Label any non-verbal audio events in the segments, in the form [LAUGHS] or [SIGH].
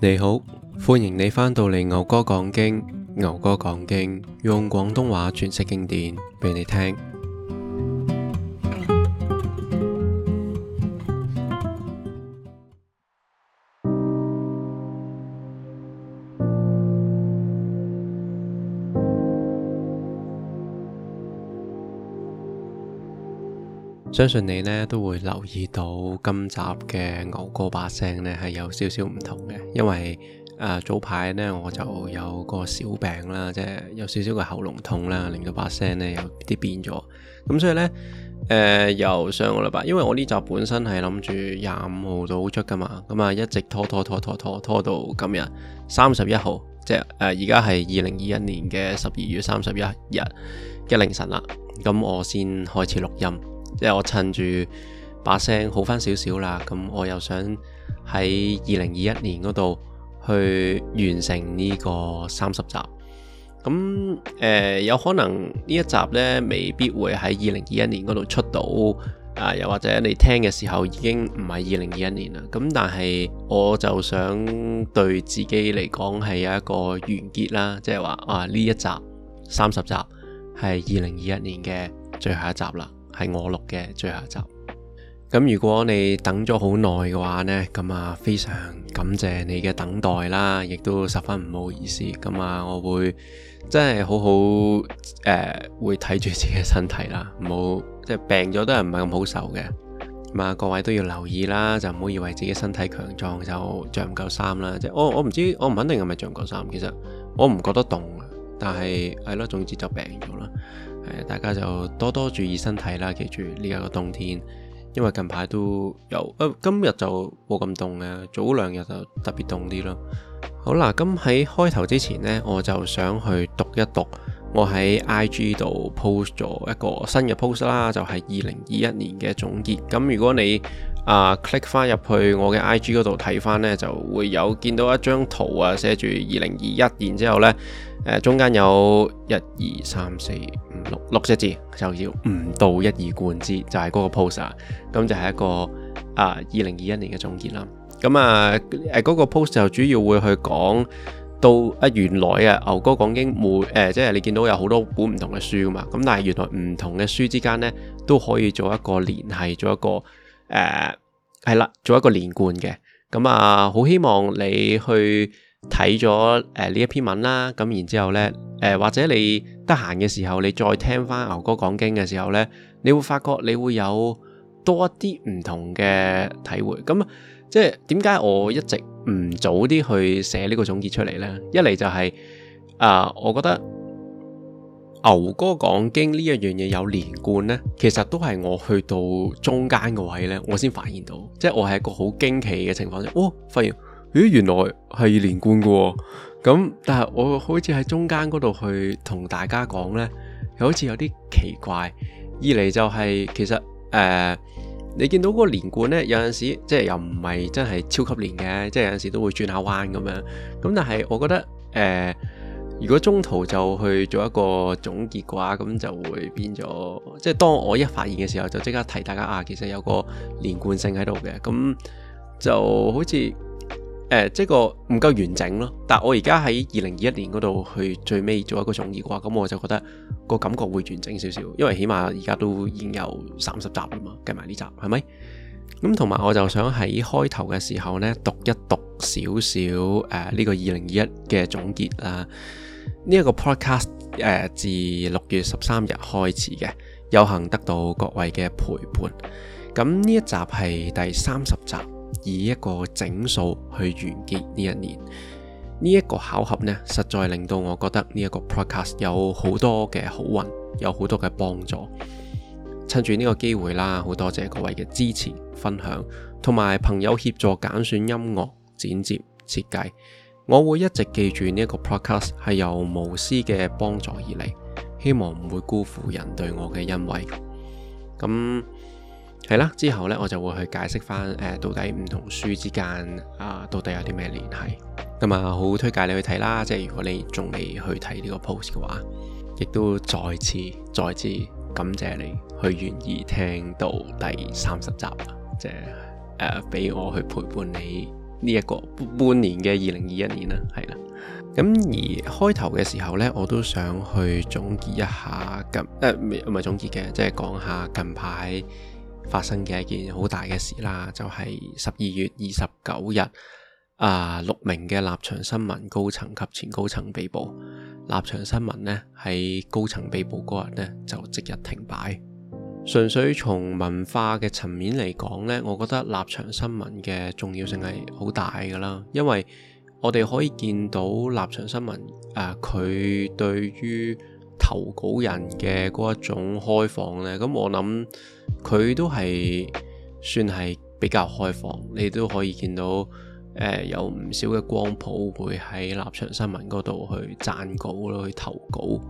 你好，歡迎你翻到嚟牛哥講經。牛哥講經，用廣東話詮釋經典畀你聽。相信你呢都會留意到今集嘅牛哥把聲呢係有少少唔同嘅，因為誒、呃、早排呢我就有個小病啦，即係有少少個喉嚨痛啦，令到把聲呢有啲變咗。咁所以呢，誒、呃、由上個禮拜，因為我呢集本身係諗住廿五號到出噶嘛，咁、嗯、啊一直拖拖拖拖拖拖到今日三十一號，即係而家係二零二一年嘅十二月三十一日嘅凌晨啦。咁我先開始錄音。即係我趁住把聲好翻少少啦，咁我又想喺二零二一年嗰度去完成呢個三十集。咁誒、呃，有可能呢一集咧，未必會喺二零二一年嗰度出到啊，又或者你聽嘅時候已經唔係二零二一年啦。咁但係我就想對自己嚟講係有一個完結啦，即係話啊呢一集三十集係二零二一年嘅最後一集啦。係我錄嘅最後一集，咁如果你等咗好耐嘅話呢，咁啊非常感謝你嘅等待啦，亦都十分唔好意思，咁啊我會真係好好誒、呃、會睇住自己嘅身體啦，唔好即係病咗都係唔係咁好受嘅，咁啊各位都要留意啦，就唔好以為自己身體強壯就着唔夠衫啦，即係我我唔知我唔肯定係咪着唔夠衫，其實我唔覺得凍，但係係咯，總之就病咗啦。大家就多多注意身體啦，記住呢一個冬天，因為近排都有，誒、呃、今日就冇咁凍嘅，早兩日就特別凍啲咯。好啦，咁喺開頭之前呢，我就想去讀一讀我喺 IG 度 post 咗一個新嘅 post 啦，就係二零二一年嘅總結。咁如果你啊 click 翻入去我嘅 IG 嗰度睇翻呢，就會有見到一張圖啊，寫住二零二一，然之後呢。中間有一二三四五六六隻字，就叫唔到一二貫之，就係、是、嗰個 post。咁就係一個啊二零二一年嘅總結啦。咁啊誒嗰、那個 post 就主要會去講到啊原來啊牛哥講經每誒，即、呃、係、就是、你見到有好多本唔同嘅書嘛。咁但係原來唔同嘅書之間呢，都可以做一個聯繫，做一個誒係啦，做一個連貫嘅。咁啊，好希望你去。睇咗誒呢一篇文啦，咁然之後呢，誒、呃、或者你得閒嘅時候，你再聽翻牛哥講經嘅時候呢，你會發覺你會有多一啲唔同嘅體會。咁即係點解我一直唔早啲去寫呢個總結出嚟呢？一嚟就係、是、啊、呃，我覺得牛哥講經呢一樣嘢有連貫呢，其實都係我去到中間個位呢，我先發現到，即係我係一個好驚奇嘅情況，哇、哦、發現。咦，原來係連貫嘅喎，咁但係我好似喺中間嗰度去同大家講呢，又好似有啲奇怪。二嚟就係、是、其實誒、呃，你見到嗰個連貫呢，有陣時即係又唔係真係超級連嘅，即係有陣時都會轉下彎咁樣。咁但係我覺得誒、呃，如果中途就去做一個總結嘅話，咁就會變咗，即係當我一發現嘅時候，就即刻提大家啊，其實有個連貫性喺度嘅，咁就好似。誒，即係、呃這個唔夠完整咯。但我而家喺二零二一年嗰度去最尾做一個總結嘅話，咁我就覺得個感覺會完整少少，因為起碼而家都已經有三十集啦嘛，計埋呢集，係咪？咁同埋我就想喺開頭嘅時候呢，讀一讀少少誒呢個二零二一嘅總結啦。呢、這、一個 podcast 誒、呃，自六月十三日開始嘅，有幸得到各位嘅陪伴。咁、嗯、呢一集係第三十集。以一個整數去完結呢一年，呢、這、一個巧合呢，實在令到我覺得呢一個 podcast 有多好多嘅好運，有好多嘅幫助。趁住呢個機會啦，好多謝各位嘅支持、分享同埋朋友協助揀選音樂、剪接設計。我會一直記住呢一個 podcast 係由無私嘅幫助而嚟，希望唔會辜負人對我嘅恩惠。咁、嗯、～係啦，之後呢，我就會去解釋翻，誒到底唔同書之間啊到底有啲咩聯繫，咁啊好推介你去睇啦。即係如果你仲未去睇呢個 post 嘅話，亦都再次再次感謝你去願意聽到第三十集，即係誒俾我去陪伴你呢一個半年嘅二零二一年啦。係，嗯，啦，咁，嗯，而開頭嘅時候呢，我都想去總結一下近誒唔係總結嘅，即係講下近排。發生嘅一件好大嘅事啦，就係十二月二十九日，啊、呃、六名嘅立場新聞高層及前高層被捕，立場新聞呢，喺高層被捕嗰日呢，就即日停擺。純粹從文化嘅層面嚟講呢，我覺得立場新聞嘅重要性係好大㗎啦，因為我哋可以見到立場新聞誒，佢、呃、對於投稿人嘅嗰一種開放呢。咁我諗。佢都係算係比較開放，你都可以見到誒、呃、有唔少嘅光譜會喺立場新聞嗰度去撰稿去投稿。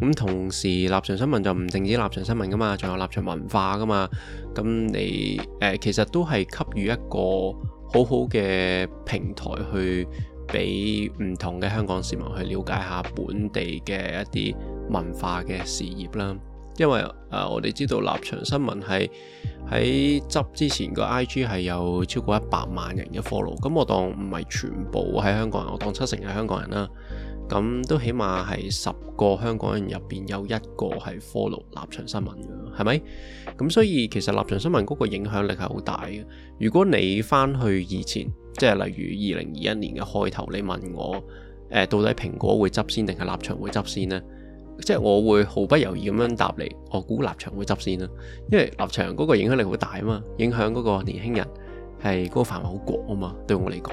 咁同時，立場新聞就唔淨止立場新聞㗎嘛，仲有立場文化㗎嘛。咁你誒、呃、其實都係給予一個好好嘅平台去俾唔同嘅香港市民去了解下本地嘅一啲文化嘅事業啦。因為誒、呃，我哋知道立場新聞係喺執之前個 IG 係有超過一百萬人嘅 follow，咁我當唔係全部喺香港人，我當七成係香港人啦，咁都起碼係十個香港人入邊有一個係 follow 立場新聞嘅，係咪？咁所以其實立場新聞嗰、那個影響力係好大嘅。如果你翻去以前，即係例如二零二一年嘅開頭，你問我誒、呃、到底蘋果會執先定係立場會執先呢？即係我會毫不猶豫咁樣答你，我估立場會執先啦，因為立場嗰個影響力好大啊嘛，影響嗰個年輕人係嗰、嗰個範圍好廣啊嘛，對我嚟講，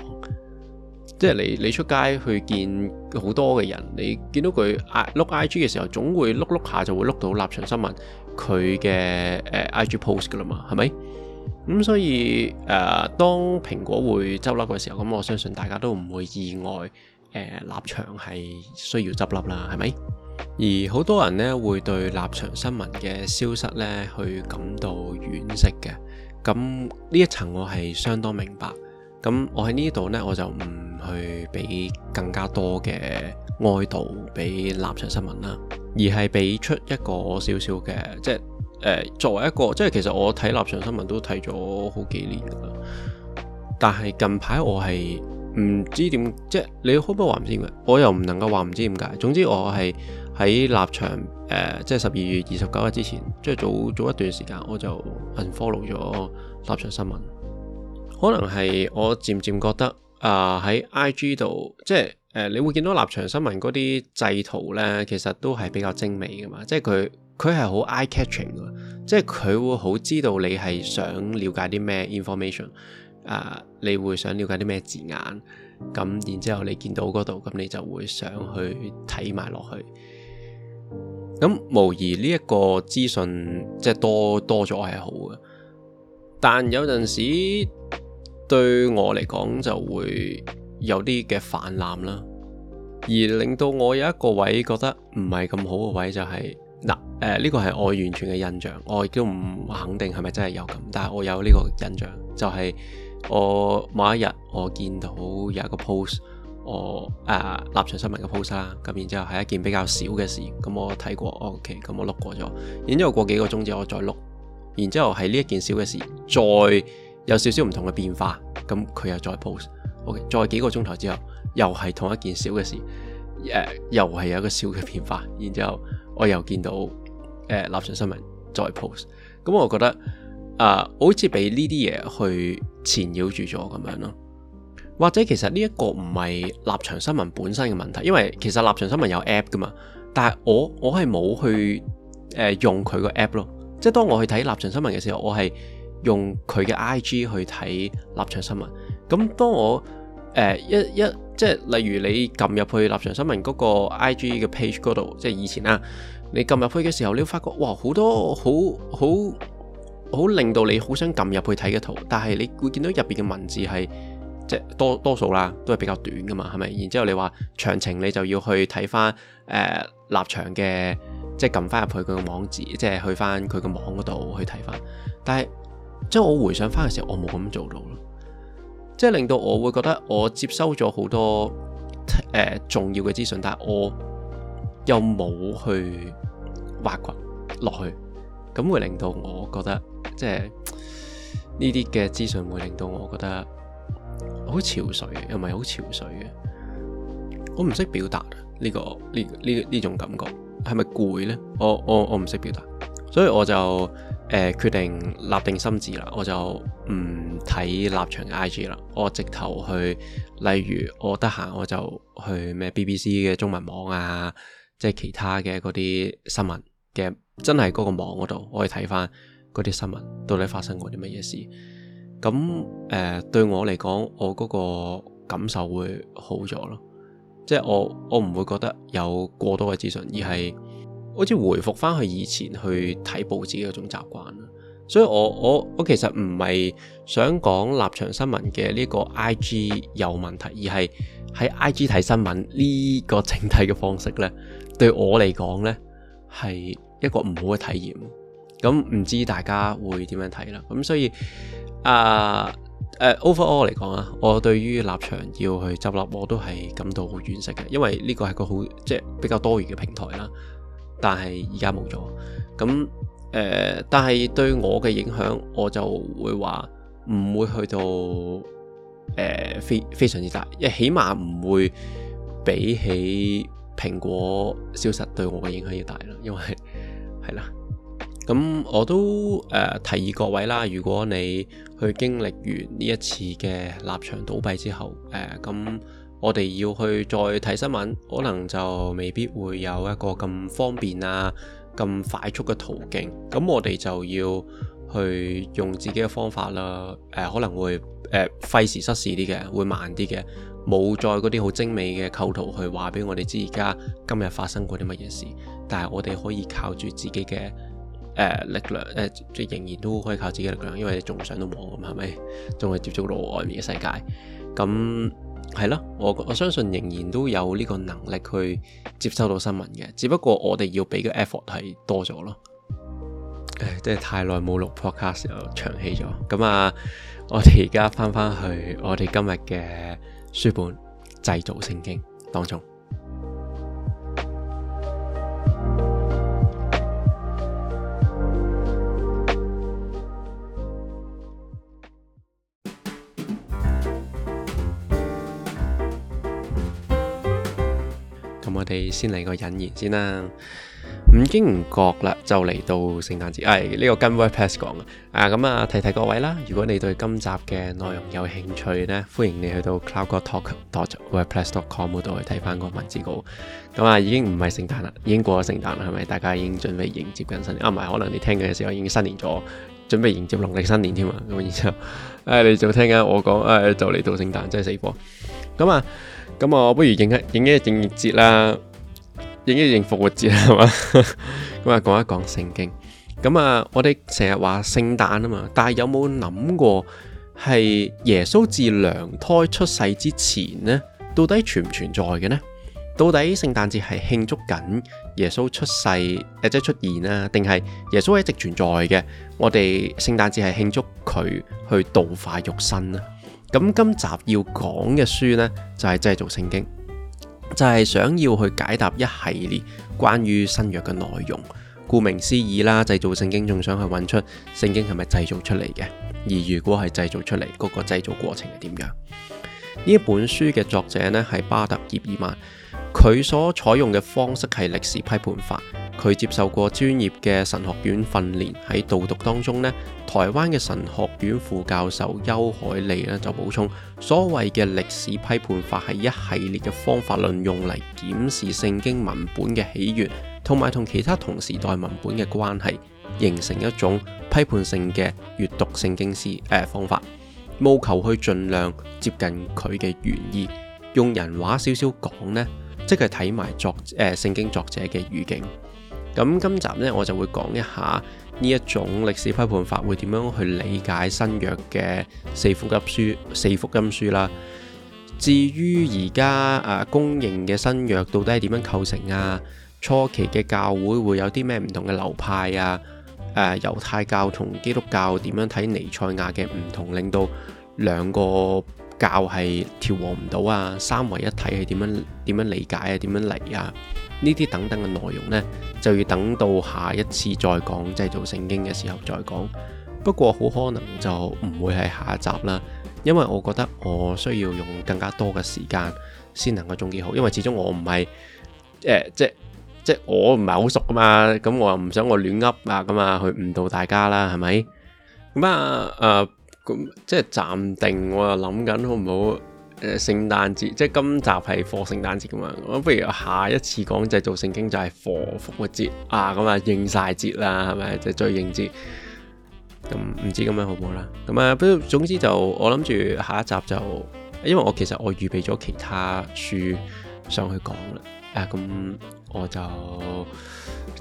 即係你你出街去見好多嘅人，你見到佢碌 IG 嘅時候，總會碌碌下就會碌到立場新聞佢嘅誒 IG post 噶啦嘛，係咪？咁所以誒、呃，當蘋果會執笠嘅時候，咁我相信大家都唔會意外。呃、立場係需要執笠啦，係咪？而好多人呢，會對立場新聞嘅消失呢，去感到惋惜嘅，咁呢一層我係相當明白。咁我喺呢度呢，我就唔去俾更加多嘅哀悼俾立場新聞啦，而係俾出一個少少嘅，即係、呃、作為一個即係，其實我睇立場新聞都睇咗好幾年噶啦，但係近排我係。唔知點，即係你可唔可以話唔知點解？我又唔能夠話唔知點解。總之我係喺立場誒、呃，即係十二月二十九日之前，即係早早一段時間，我就 unfollow 咗立場新聞。可能係我漸漸覺得啊，喺、呃、IG 度即係誒、呃，你會見到立場新聞嗰啲製圖呢，其實都係比較精美噶嘛。即係佢佢係好 eye catching 㗎，即係佢會好知道你係想了解啲咩 information。誒，uh, 你會想了解啲咩字眼？咁然之後你見到嗰度，咁你就會想去睇埋落去。咁無疑呢一個資訊即係多多咗係好嘅，但有陣時對我嚟講就會有啲嘅泛濫啦。而令到我有一個位覺得唔係咁好嘅位就係、是、嗱，誒、呃、呢、呃這個係我完全嘅印象，我亦都唔肯定係咪真係有咁，但係我有呢個印象就係、是。我某一日我見到有一個 post，我誒、啊、立場新聞嘅 post 啦，咁然之後係一件比較小嘅事，咁我睇過，ok，咁我碌過咗，然之後過幾個鐘之後我再碌，然之後係呢一件小嘅事，再有少少唔同嘅變化，咁佢又再 post，ok，再幾個鐘頭之後又係同一件小嘅事，誒又係有一個小嘅變化，然之後我又見到誒、啊、立場新聞再 post，咁我覺得。啊，uh, 好似俾呢啲嘢去纏繞住咗咁樣咯，或者其實呢一個唔係立場新聞本身嘅問題，因為其實立場新聞有 app 噶嘛，但係我我係冇去誒、呃、用佢個 app 咯，即係當我去睇立場新聞嘅時候，我係用佢嘅 IG 去睇立場新聞。咁當我誒、呃、一一即係例如你撳入去立場新聞嗰個 IG 嘅 page 嗰度，即係以前啦、啊，你撳入去嘅時候，你會發覺哇好多好好～好令到你好想撳入去睇嘅圖，但係你會見到入邊嘅文字係即多多數啦，都係比較短噶嘛，係咪？然之後你話詳情，你就要去睇翻誒立場嘅，即係撳翻入去佢個網址，即係去翻佢個網嗰度去睇翻。但係即係我回想翻嘅時候，我冇咁做到咯，即係令到我會覺得我接收咗好多誒、呃、重要嘅資訊，但係我又冇去挖掘落去。咁會令到我覺得，即係呢啲嘅資訊會令到我覺得好憔悴，又唔係好憔悴嘅。我唔識表達呢、呢個呢呢呢種感覺，係咪攰？咧？我我我唔識表達，所以我就誒、呃、決定立定心志啦，我就唔睇立場嘅 IG 啦，我直頭去，例如我得閒我就去咩 BBC 嘅中文網啊，即係其他嘅嗰啲新聞。嘅真係嗰個網嗰度，我去睇翻嗰啲新聞，到底發生過啲乜嘢事？咁誒、呃，對我嚟講，我嗰個感受會好咗咯，即係我我唔會覺得有過多嘅資訊，而係好似回復翻去以前去睇報紙嗰種習慣。所以我我我其實唔係想講立場新聞嘅呢個 I G 有問題，而係喺 I G 睇新聞呢個整體嘅方式呢，對我嚟講呢係。一個唔好嘅體驗，咁唔知大家會點樣睇啦？咁所以啊，誒 overall 嚟講啊，我對於立場要去執笠，我都係感到好惋惜嘅，因為呢個係個好即係比較多元嘅平台啦。但係而家冇咗，咁誒、呃，但係對我嘅影響，我就會話唔會去到誒、呃、非非常之大，因為起碼唔會比起蘋果消失對我嘅影響要大啦，因為。係啦，咁我都誒、呃、提議各位啦，如果你去經歷完呢一次嘅立場倒閉之後，誒、呃，咁我哋要去再睇新聞，可能就未必會有一個咁方便啊、咁快速嘅途徑。咁我哋就要去用自己嘅方法啦，誒、呃，可能會誒費時失事啲嘅，會慢啲嘅，冇再嗰啲好精美嘅構圖去話俾我哋知，而家今日發生過啲乜嘢事。但係我哋可以靠住自己嘅誒、呃、力量，誒、呃、仍然都可以靠自己力量，因為你仲上到網咁嘛，係咪仲係接觸到外面嘅世界？咁係咯，我我相信仍然都有呢個能力去接收到新聞嘅，只不過我哋要俾嘅 effort 係多咗咯。誒，真係太耐冇錄 podcast 又長氣咗。咁啊，我哋而家返返去我哋今日嘅書本製造聖經當中。咁我哋先嚟個引言先啦，唔經唔覺啦，就嚟到聖誕節。哎，呢、這個跟 WordPress 講啊，咁啊，提提各位啦。如果你對今集嘅內容有興趣呢，歡迎你去到 cowgortalk.wordpress.com 度去睇翻嗰個文字稿。咁、嗯、啊、嗯嗯，已經唔係聖誕啦，已經過咗聖誕啦，係咪？大家已經準備迎接緊新年？啊唔係，可能你聽緊嘅時候已經新年咗，準備迎接農曆新年添嘛。咁、嗯、然之後，誒、哎，你就聽緊我講，誒、哎，就嚟到聖誕，真係死過。咁、嗯、啊。嗯嗯嗯咁我不如影一影節啦，影一影復活節係嘛？咁啊講一講聖經。咁啊，我哋成日話聖誕啊嘛，但係有冇諗過係耶穌自娘胎出世之前呢？到底存唔存在嘅呢？到底聖誕節係慶祝緊耶穌出世誒，即係出現啊？定係耶穌一直存在嘅？我哋聖誕節係慶祝佢去道化肉身啊？咁今集要講嘅書呢，就係、是、製造聖經，就係、是、想要去解答一系列關於新約嘅內容。顧名思義啦，製造聖經仲想去揾出聖經係咪製造出嚟嘅？而如果係製造出嚟，嗰、那個製造過程係點樣？呢一本書嘅作者呢，係巴特·葉爾曼。佢所採用嘅方式係歷史批判法。佢接受過專業嘅神學院訓練。喺導讀當中呢，台灣嘅神學院副教授邱凱莉呢，就補充，所謂嘅歷史批判法係一系列嘅方法論，用嚟檢視聖經文本嘅起源，同埋同其他同時代文本嘅關係，形成一種批判性嘅閱讀聖經史誒、呃、方法，務求去盡量接近佢嘅原意。用人話少少講呢。即係睇埋作誒聖經作者嘅語境。咁今集呢，我就會講一下呢一種歷史批判法會點樣去理解新約嘅四福音書、四福音書啦。至於而家啊公認嘅新約到底係點樣構成啊？初期嘅教會會有啲咩唔同嘅流派啊？誒、呃、猶太教同基督教點樣睇尼賽亞嘅唔同，令到兩個。教係調和唔到啊，三位一體係點樣點樣理解啊，點樣嚟啊？呢啲等等嘅內容呢，就要等到下一次再講製造聖經嘅時候再講。不過好可能就唔會係下一集啦，因為我覺得我需要用更加多嘅時間先能夠總結好，因為始終我唔係誒即即我唔係好熟噶嘛，咁我又唔想我亂噏啊咁啊，去誤導大家啦，係咪？咁啊誒。呃咁即係暫定，我又諗緊好唔好？誒、呃、聖誕節，即係今集係課聖誕節噶嘛？我不如下一次講製造聖經就係、是、復活節啊！咁啊，應晒節啦，係咪？就再應節。咁、嗯、唔知咁樣好唔好啦？咁、嗯、啊，不，總之就我諗住下一集就，因為我其實我預備咗其他書上去講啦。誒、啊，咁、嗯、我就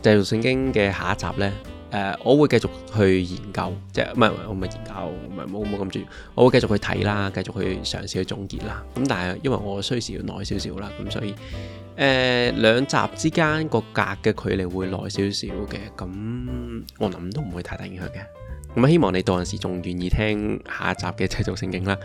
製造聖經嘅下一集咧。誒、呃，我會繼續去研究，即係唔係我唔係研究，唔係冇冇咁注意。我會繼續去睇啦，繼續去嘗試去總結啦。咁但係因為我需時要耐少少啦，咁、嗯、所以誒兩、呃、集之間個隔嘅距離會耐少少嘅。咁、嗯、我諗都唔會太大影響嘅。咁希望你到陣時仲願意聽下一集嘅製造聖經啦。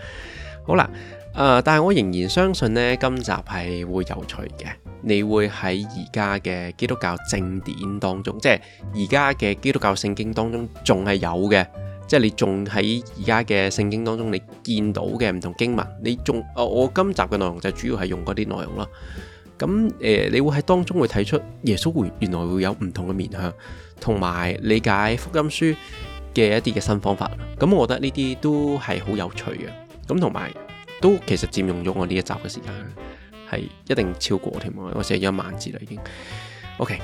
好啦，誒、呃，但係我仍然相信呢今集係會有趣嘅。你會喺而家嘅基督教正典當中，即係而家嘅基督教聖經當中，仲係有嘅，即係你仲喺而家嘅聖經當中，你見到嘅唔同經文，你仲，哦，我今集嘅內容就主要係用嗰啲內容啦。咁誒，你會喺當中會睇出耶穌會原來會有唔同嘅面向，同埋理解福音書嘅一啲嘅新方法。咁我覺得呢啲都係好有趣嘅。咁同埋都其實佔用咗我呢一集嘅時間。係一定超過添，我寫咗一萬字啦，已經。OK。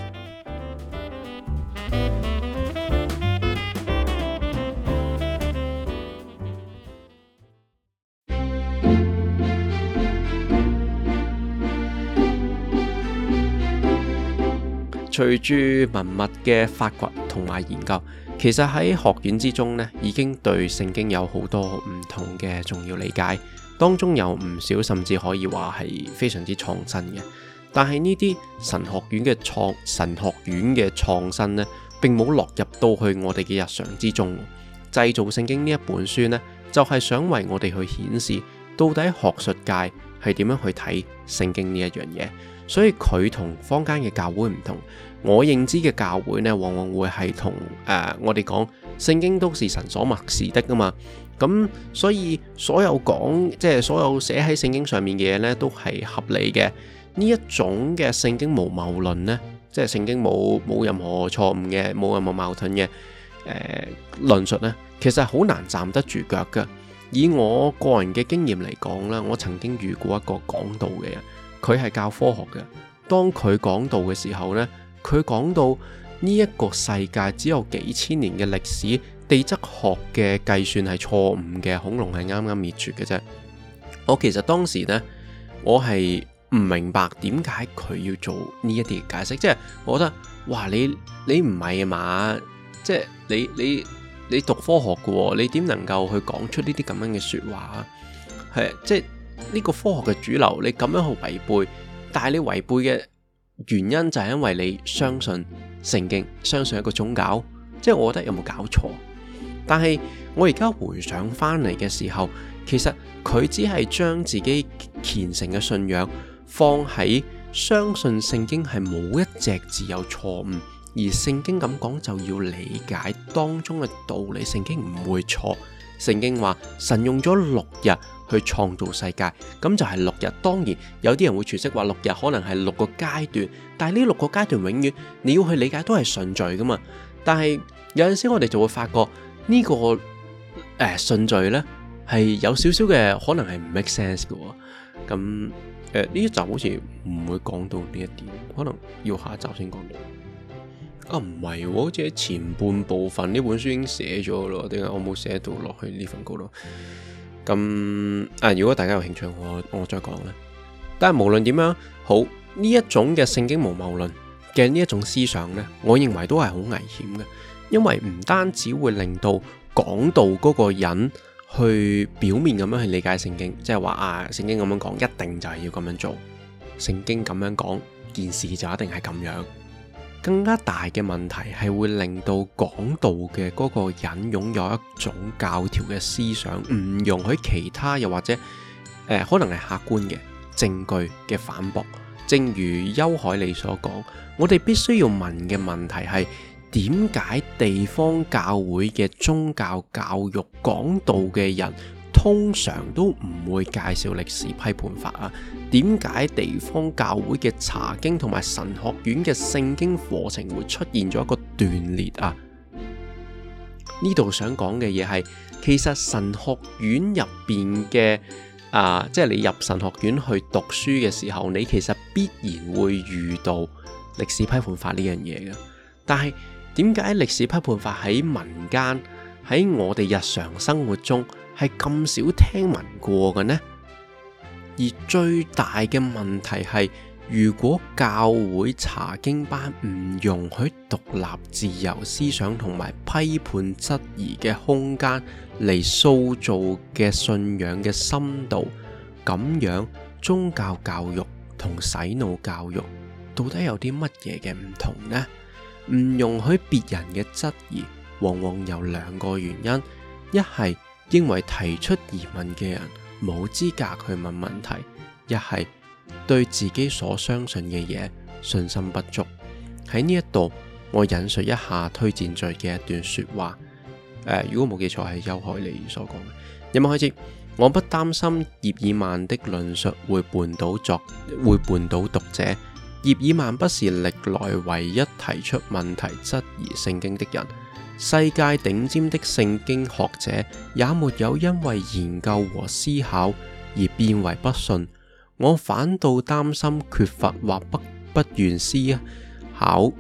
隨住文物嘅發掘同埋研究，其實喺學院之中呢，已經對聖經有好多唔同嘅重要理解。當中有唔少甚至可以話係非常之創新嘅，但係呢啲神學院嘅創神學院嘅創新呢，並冇落入到去我哋嘅日常之中。製造聖經呢一本書呢，就係、是、想為我哋去顯示到底學術界係點樣去睇聖經呢一樣嘢，所以佢同坊間嘅教會唔同。我認知嘅教會呢，往往會係同誒、呃、我哋講聖經都是神所默示的㗎嘛。咁所以所有講，即係所有寫喺聖經上面嘅嘢呢，都係合理嘅。呢一種嘅聖經無謬論呢，即係聖經冇冇任何錯誤嘅，冇任何矛盾嘅，誒、呃、論述呢，其實好難站得住腳噶。以我個人嘅經驗嚟講啦，我曾經遇過一個講道嘅人，佢係教科學嘅。當佢講道嘅時候呢，佢講到呢一個世界只有幾千年嘅歷史。地質學嘅計算係錯誤嘅，恐龍係啱啱滅絕嘅啫。我其實當時呢，我係唔明白點解佢要做呢一啲解釋，即係我覺得，哇，你你唔係啊嘛，即係你你你讀科學嘅，你點能夠去講出呢啲咁樣嘅説話啊？係即係呢個科學嘅主流，你咁樣去違背，但係你違背嘅原因就係因為你相信聖經，相信一個宗教，即係我覺得有冇搞錯？但係我而家回想翻嚟嘅時候，其實佢只係將自己虔誠嘅信仰放喺相信聖經係冇一隻字有錯誤，而聖經咁講就要理解當中嘅道理。聖經唔會錯。聖經話神用咗六日去創造世界，咁就係六日。當然有啲人會詮釋話六日可能係六個階段，但係呢六個階段永遠你要去理解都係順序㗎嘛。但係有陣時我哋就會發覺。呢、這個誒順序呢，係有少少嘅可能係唔 make sense 嘅，咁誒呢一集好似唔會講到呢一點，可能要下一集先講到。啊唔係，好似係前半部分呢本書已經寫咗咯，定係我冇寫到落去呢份稿度？咁啊，如果大家有興趣，我我再講啦。但係無論點樣好，呢一種嘅聖經無謬論嘅呢一種思想呢，我認為都係好危險嘅。因為唔單止會令到講道嗰個人去表面咁樣去理解聖經，即係話啊，聖經咁樣講，一定就係要咁樣做。聖經咁樣講，件事就一定係咁樣。更加大嘅問題係會令到講道嘅嗰個人擁有一種教條嘅思想，唔容許其他又或者、呃、可能係客觀嘅證據嘅反駁。正如邱凱莉所講，我哋必須要問嘅問題係。點解地方教會嘅宗教教育講道嘅人通常都唔會介紹歷史批判法啊？點解地方教會嘅查經同埋神學院嘅聖經課程會出現咗一個斷裂啊？呢度想講嘅嘢係，其實神學院入邊嘅啊，即係你入神學院去讀書嘅時候，你其實必然會遇到歷史批判法呢樣嘢嘅，但係。點解歷史批判法喺民間，喺我哋日常生活中係咁少聽聞過嘅呢？而最大嘅問題係，如果教會查經班唔容許獨立自由思想同埋批判質疑嘅空間嚟塑造嘅信仰嘅深度，咁樣宗教教育同洗腦教育到底有啲乜嘢嘅唔同呢？唔容許別人嘅質疑，往往有兩個原因：一係認為提出疑問嘅人冇資格去問問題；一係對自己所相信嘅嘢，信心不足。喺呢一度，我引述一下推薦序嘅一段說話：呃、如果冇記錯，係邱凱莉所講嘅。有冇開始？我不擔心葉爾曼的論述會絆倒作，會絆倒讀者。葉爾曼不是歷來唯一提出問題質疑聖經的人，世界頂尖的聖經學者也沒有因為研究和思考而變為不信。我反倒擔心缺乏或不不願思考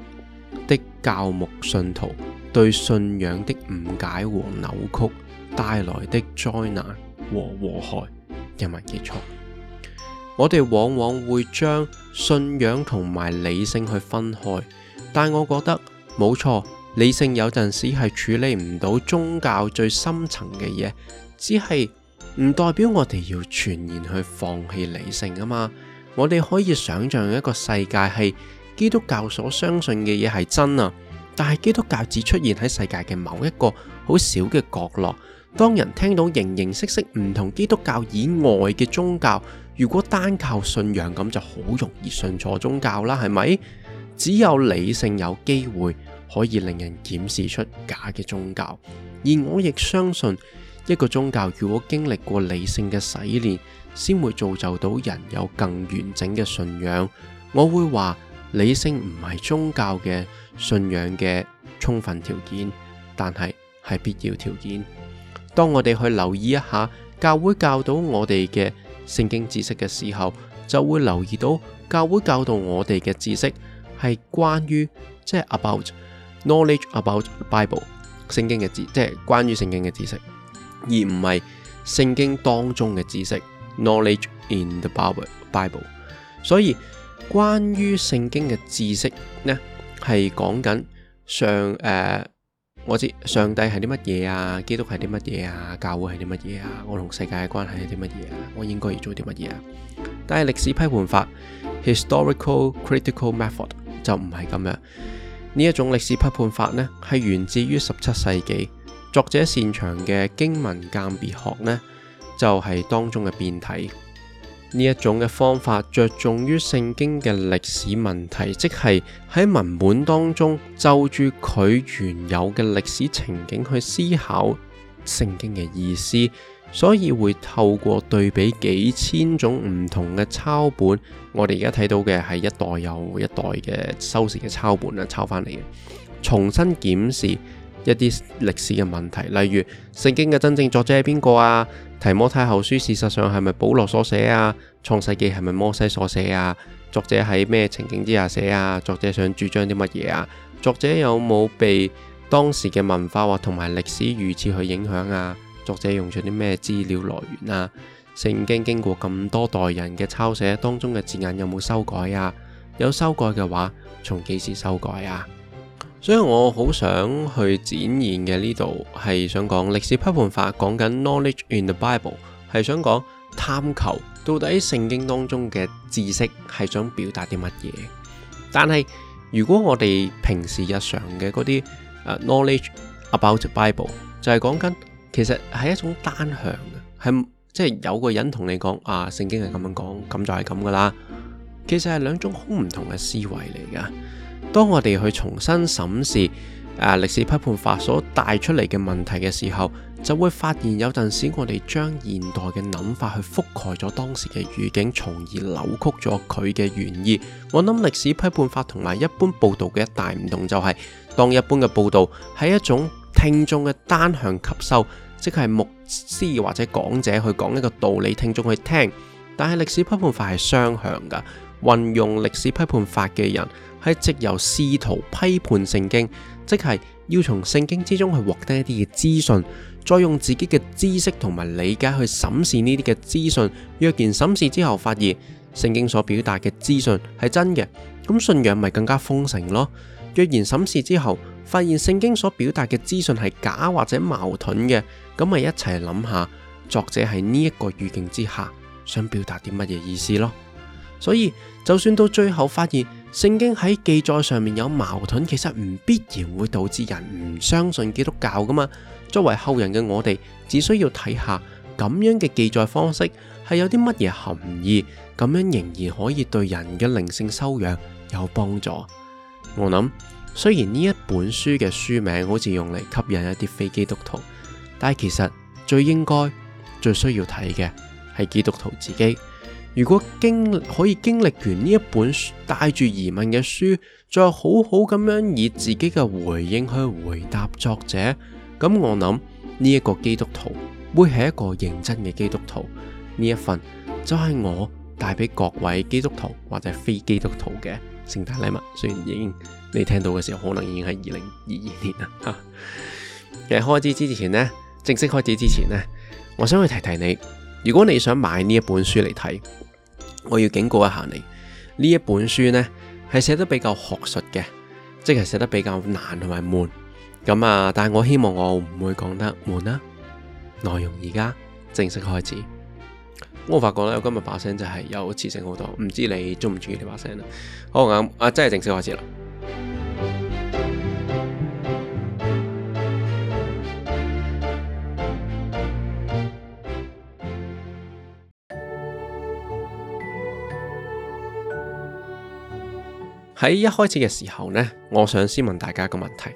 的教牧信徒對信仰的誤解和扭曲帶來的災難和禍害。人民結束，我哋往往會將。信仰同埋理性去分開，但我覺得冇錯，理性有陣時係處理唔到宗教最深層嘅嘢，只係唔代表我哋要全然去放棄理性啊嘛。我哋可以想象一個世界係基督教所相信嘅嘢係真啊，但係基督教只出現喺世界嘅某一個好小嘅角落。當人聽到形形色色唔同基督教以外嘅宗教，如果單靠信仰咁就好容易信錯宗教啦，係咪？只有理性有機會可以令人檢視出假嘅宗教，而我亦相信一個宗教如果經歷過理性嘅洗練，先會造就到人有更完整嘅信仰。我會話理性唔係宗教嘅信仰嘅充分條件，但係係必要條件。當我哋去留意一下教會教到我哋嘅聖經知識嘅時候，就會留意到教會教導我哋嘅知識係關於即係、就是、about knowledge about Bible 聖經嘅知即係關於聖經嘅知識，而唔係聖經當中嘅知識 knowledge in the Bible。所以關於聖經嘅知識呢，係講緊上誒。Uh, 我知上帝係啲乜嘢啊，基督係啲乜嘢啊，教會係啲乜嘢啊，我同世界嘅關係係啲乜嘢啊，我應該要做啲乜嘢啊？但係歷史批判法 （Historical critical method） 就唔係咁樣。呢一種歷史批判法呢，係源自於十七世紀，作者擅長嘅經文鑑別學呢，就係當中嘅變體。呢一種嘅方法着重於聖經嘅歷史問題，即係喺文本當中就住佢原有嘅歷史情景去思考聖經嘅意思，所以會透過對比幾千種唔同嘅抄本，我哋而家睇到嘅係一代又一代嘅修繕嘅抄本啦，抄翻嚟嘅，重新檢視。一啲歷史嘅問題，例如聖經嘅真正作者係邊個啊？提摩太後書事實上係咪保羅所寫啊？創世記係咪摩西所寫啊？作者喺咩情景之下寫啊？作者想主張啲乜嘢啊？作者有冇被當時嘅文化或同埋歷史預設去影響啊？作者用咗啲咩資料來源啊？聖經經過咁多代人嘅抄寫，當中嘅字眼有冇修改啊？有修改嘅話，從幾時修改啊？所以我好想去展現嘅呢度係想講歷史批判法講緊 knowledge in the Bible 係想講探求到底聖經當中嘅知識係想表達啲乜嘢？但係如果我哋平時日常嘅嗰啲誒 knowledge about the Bible 就係講緊，其實係一種單向嘅，係即係有個人同你講啊，聖經係咁樣講，咁就係咁噶啦。其實係兩種好唔同嘅思維嚟噶。當我哋去重新審視誒歷史批判法所帶出嚟嘅問題嘅時候，就會發現有陣時我哋將現代嘅諗法去覆蓋咗當時嘅語境，從而扭曲咗佢嘅原意。我諗歷史批判法同埋一般報道嘅一大唔同就係、是，當一般嘅報道係一種聽眾嘅單向吸收，即係牧師或者講者去講一個道理，聽眾去聽。但係歷史批判法係雙向㗎，運用歷史批判法嘅人。係藉由試圖批判聖經，即係要從聖經之中去獲得一啲嘅資訊，再用自己嘅知識同埋理解去審視呢啲嘅資訊。若然審視之後發現聖經所表達嘅資訊係真嘅，咁信仰咪更加豐盛咯。若然審視之後發現聖經所表達嘅資訊係假或者矛盾嘅，咁咪一齊諗下作者喺呢一個語境之下想表達啲乜嘢意思咯。所以就算到最後發現，聖經喺記載上面有矛盾，其實唔必然會導致人唔相信基督教噶嘛。作為後人嘅我哋，只需要睇下咁樣嘅記載方式係有啲乜嘢含義，咁樣仍然可以對人嘅靈性修養有幫助。我諗，雖然呢一本書嘅書名好似用嚟吸引一啲非基督徒，但係其實最應該、最需要睇嘅係基督徒自己。如果經可以經歷完呢一本書，帶住疑問嘅書，再好好咁樣以自己嘅回應去回答作者，咁我諗呢一個基督徒會係一個認真嘅基督徒。呢一份就係我帶俾各位基督徒或者非基督徒嘅聖誕禮物。雖然已經你聽到嘅時候可能已經係二零二二年啦，吓。其實開始之前呢，正式開始之前呢，我想去提提你，如果你想買呢一本書嚟睇。我要警告一下你，呢一本書呢係寫得比較學術嘅，即係寫得比較難同埋悶。咁啊，但係我希望我唔會講得悶啦。內容而家正式開始。我發覺咧，我今日把聲就係有磁性好多，唔知你鍾唔鍾意呢把聲啊？好啱，啊真係正式開始啦。喺一開始嘅時候呢，我想先問大家一個問題，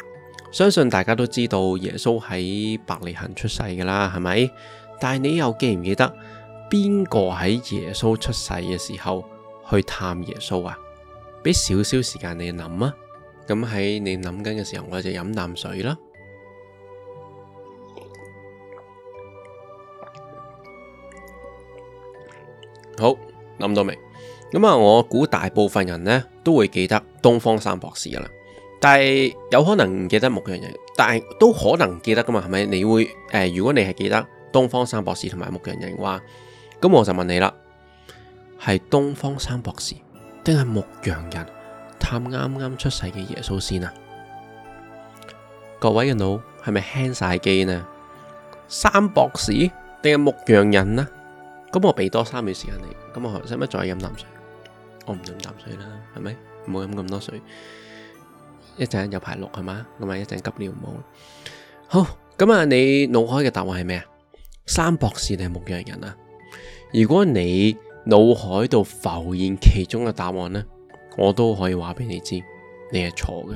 相信大家都知道耶穌喺伯利恆出世㗎啦，係咪？但係你又記唔記得邊個喺耶穌出世嘅時候去探耶穌啊？俾少少時間你諗啊，咁喺你諗緊嘅時候，我就飲啖水啦。好，諗到未？咁啊，我估大部分人咧，都會記得東方三博士噶啦，但係有可能唔記得牧羊人，但係都可能記得噶嘛，係咪？你會誒、呃？如果你係記得東方三博士同埋牧羊人嘅話，咁我就問你啦，係東方三博士定係牧羊人探啱啱出世嘅耶穌先啊？各位嘅腦係咪輕晒機呢？三博士定係牧羊人啊？咁我俾多三秒時間你，咁我使唔使再飲啖水？我唔飲啖水啦，係咪？唔好飲咁多水，一陣有排錄係嘛，咁咪一陣急尿唔好好，咁啊。你腦海嘅答案係咩啊？三博士定係牧羊人啊？如果你腦海度浮現其中嘅答案呢，我都可以話俾你知，你係錯嘅，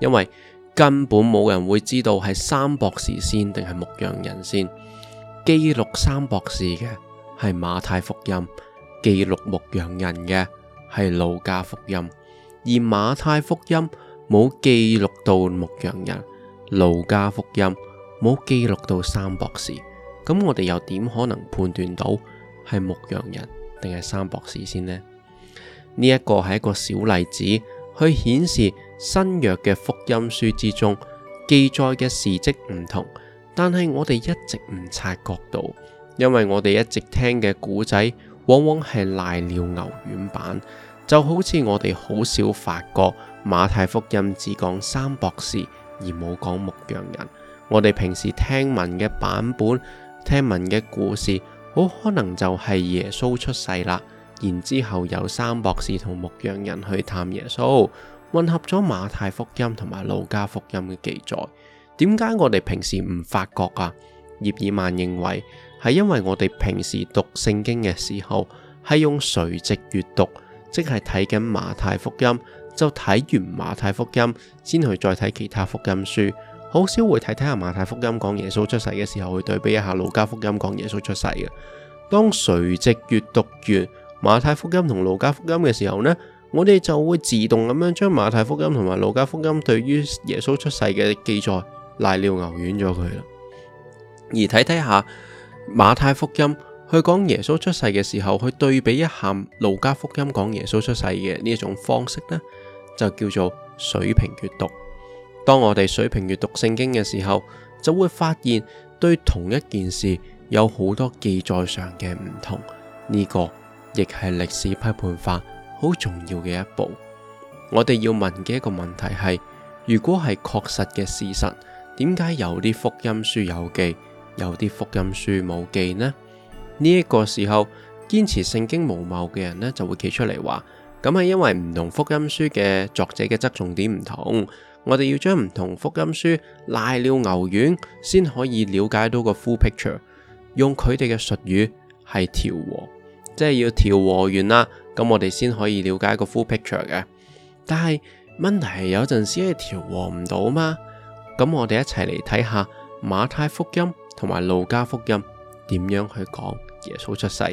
因為根本冇人會知道係三博士先定係牧羊人先。記錄三博士嘅係馬太福音，記錄牧羊人嘅。係路加福音，而馬太福音冇記錄到牧羊人，路加福音冇記錄到三博士，咁我哋又點可能判斷到係牧羊人定係三博士先呢？呢一個係一個小例子，去顯示新約嘅福音書之中記載嘅事跡唔同，但係我哋一直唔察覺到，因為我哋一直聽嘅古仔，往往係賴尿牛丸版，就好似我哋好少發覺馬太福音只講三博士而冇講牧羊人。我哋平時聽聞嘅版本，聽聞嘅故事，好可能就係耶穌出世啦，然之後有三博士同牧羊人去探耶穌，混合咗馬太福音同埋路加福音嘅記載。點解我哋平時唔發覺啊？葉爾曼認為。係因為我哋平時讀聖經嘅時候，係用垂直閱讀，即係睇緊馬太福音就睇完馬太福音，先去再睇其他福音書，好少會睇睇下馬太福音講耶穌出世嘅時候，去對比一下路加福音講耶穌出世嘅。當垂直閱讀完馬太福音同路加福音嘅時候呢，我哋就會自動咁樣將馬太福音同埋路加福音對於耶穌出世嘅記載瀨尿牛丸咗佢啦，而睇睇下馬太福音去講耶穌出世嘅時候，去對比一下路加福音講耶穌出世嘅呢一種方式呢，就叫做水平閱讀。當我哋水平閱讀聖經嘅時候，就會發現對同一件事有好多記載上嘅唔同。呢個亦係歷史批判法好重要嘅一步。我哋要問嘅一個問題係：如果係確實嘅事實，點解有啲福音書有記？有啲福音書冇記呢？呢，呢一個時候堅持聖經無謬嘅人呢，就會企出嚟話：，咁係因為唔同福音書嘅作者嘅側重點唔同，我哋要將唔同福音書瀨尿牛丸，先可以了解到個 full picture。用佢哋嘅術語係調和，即係要調和完啦，咁我哋先可以了解個 full picture 嘅。但係問題係有陣時係調和唔到嘛？咁我哋一齊嚟睇下馬太福音。同埋路加福音點樣去講耶穌出世？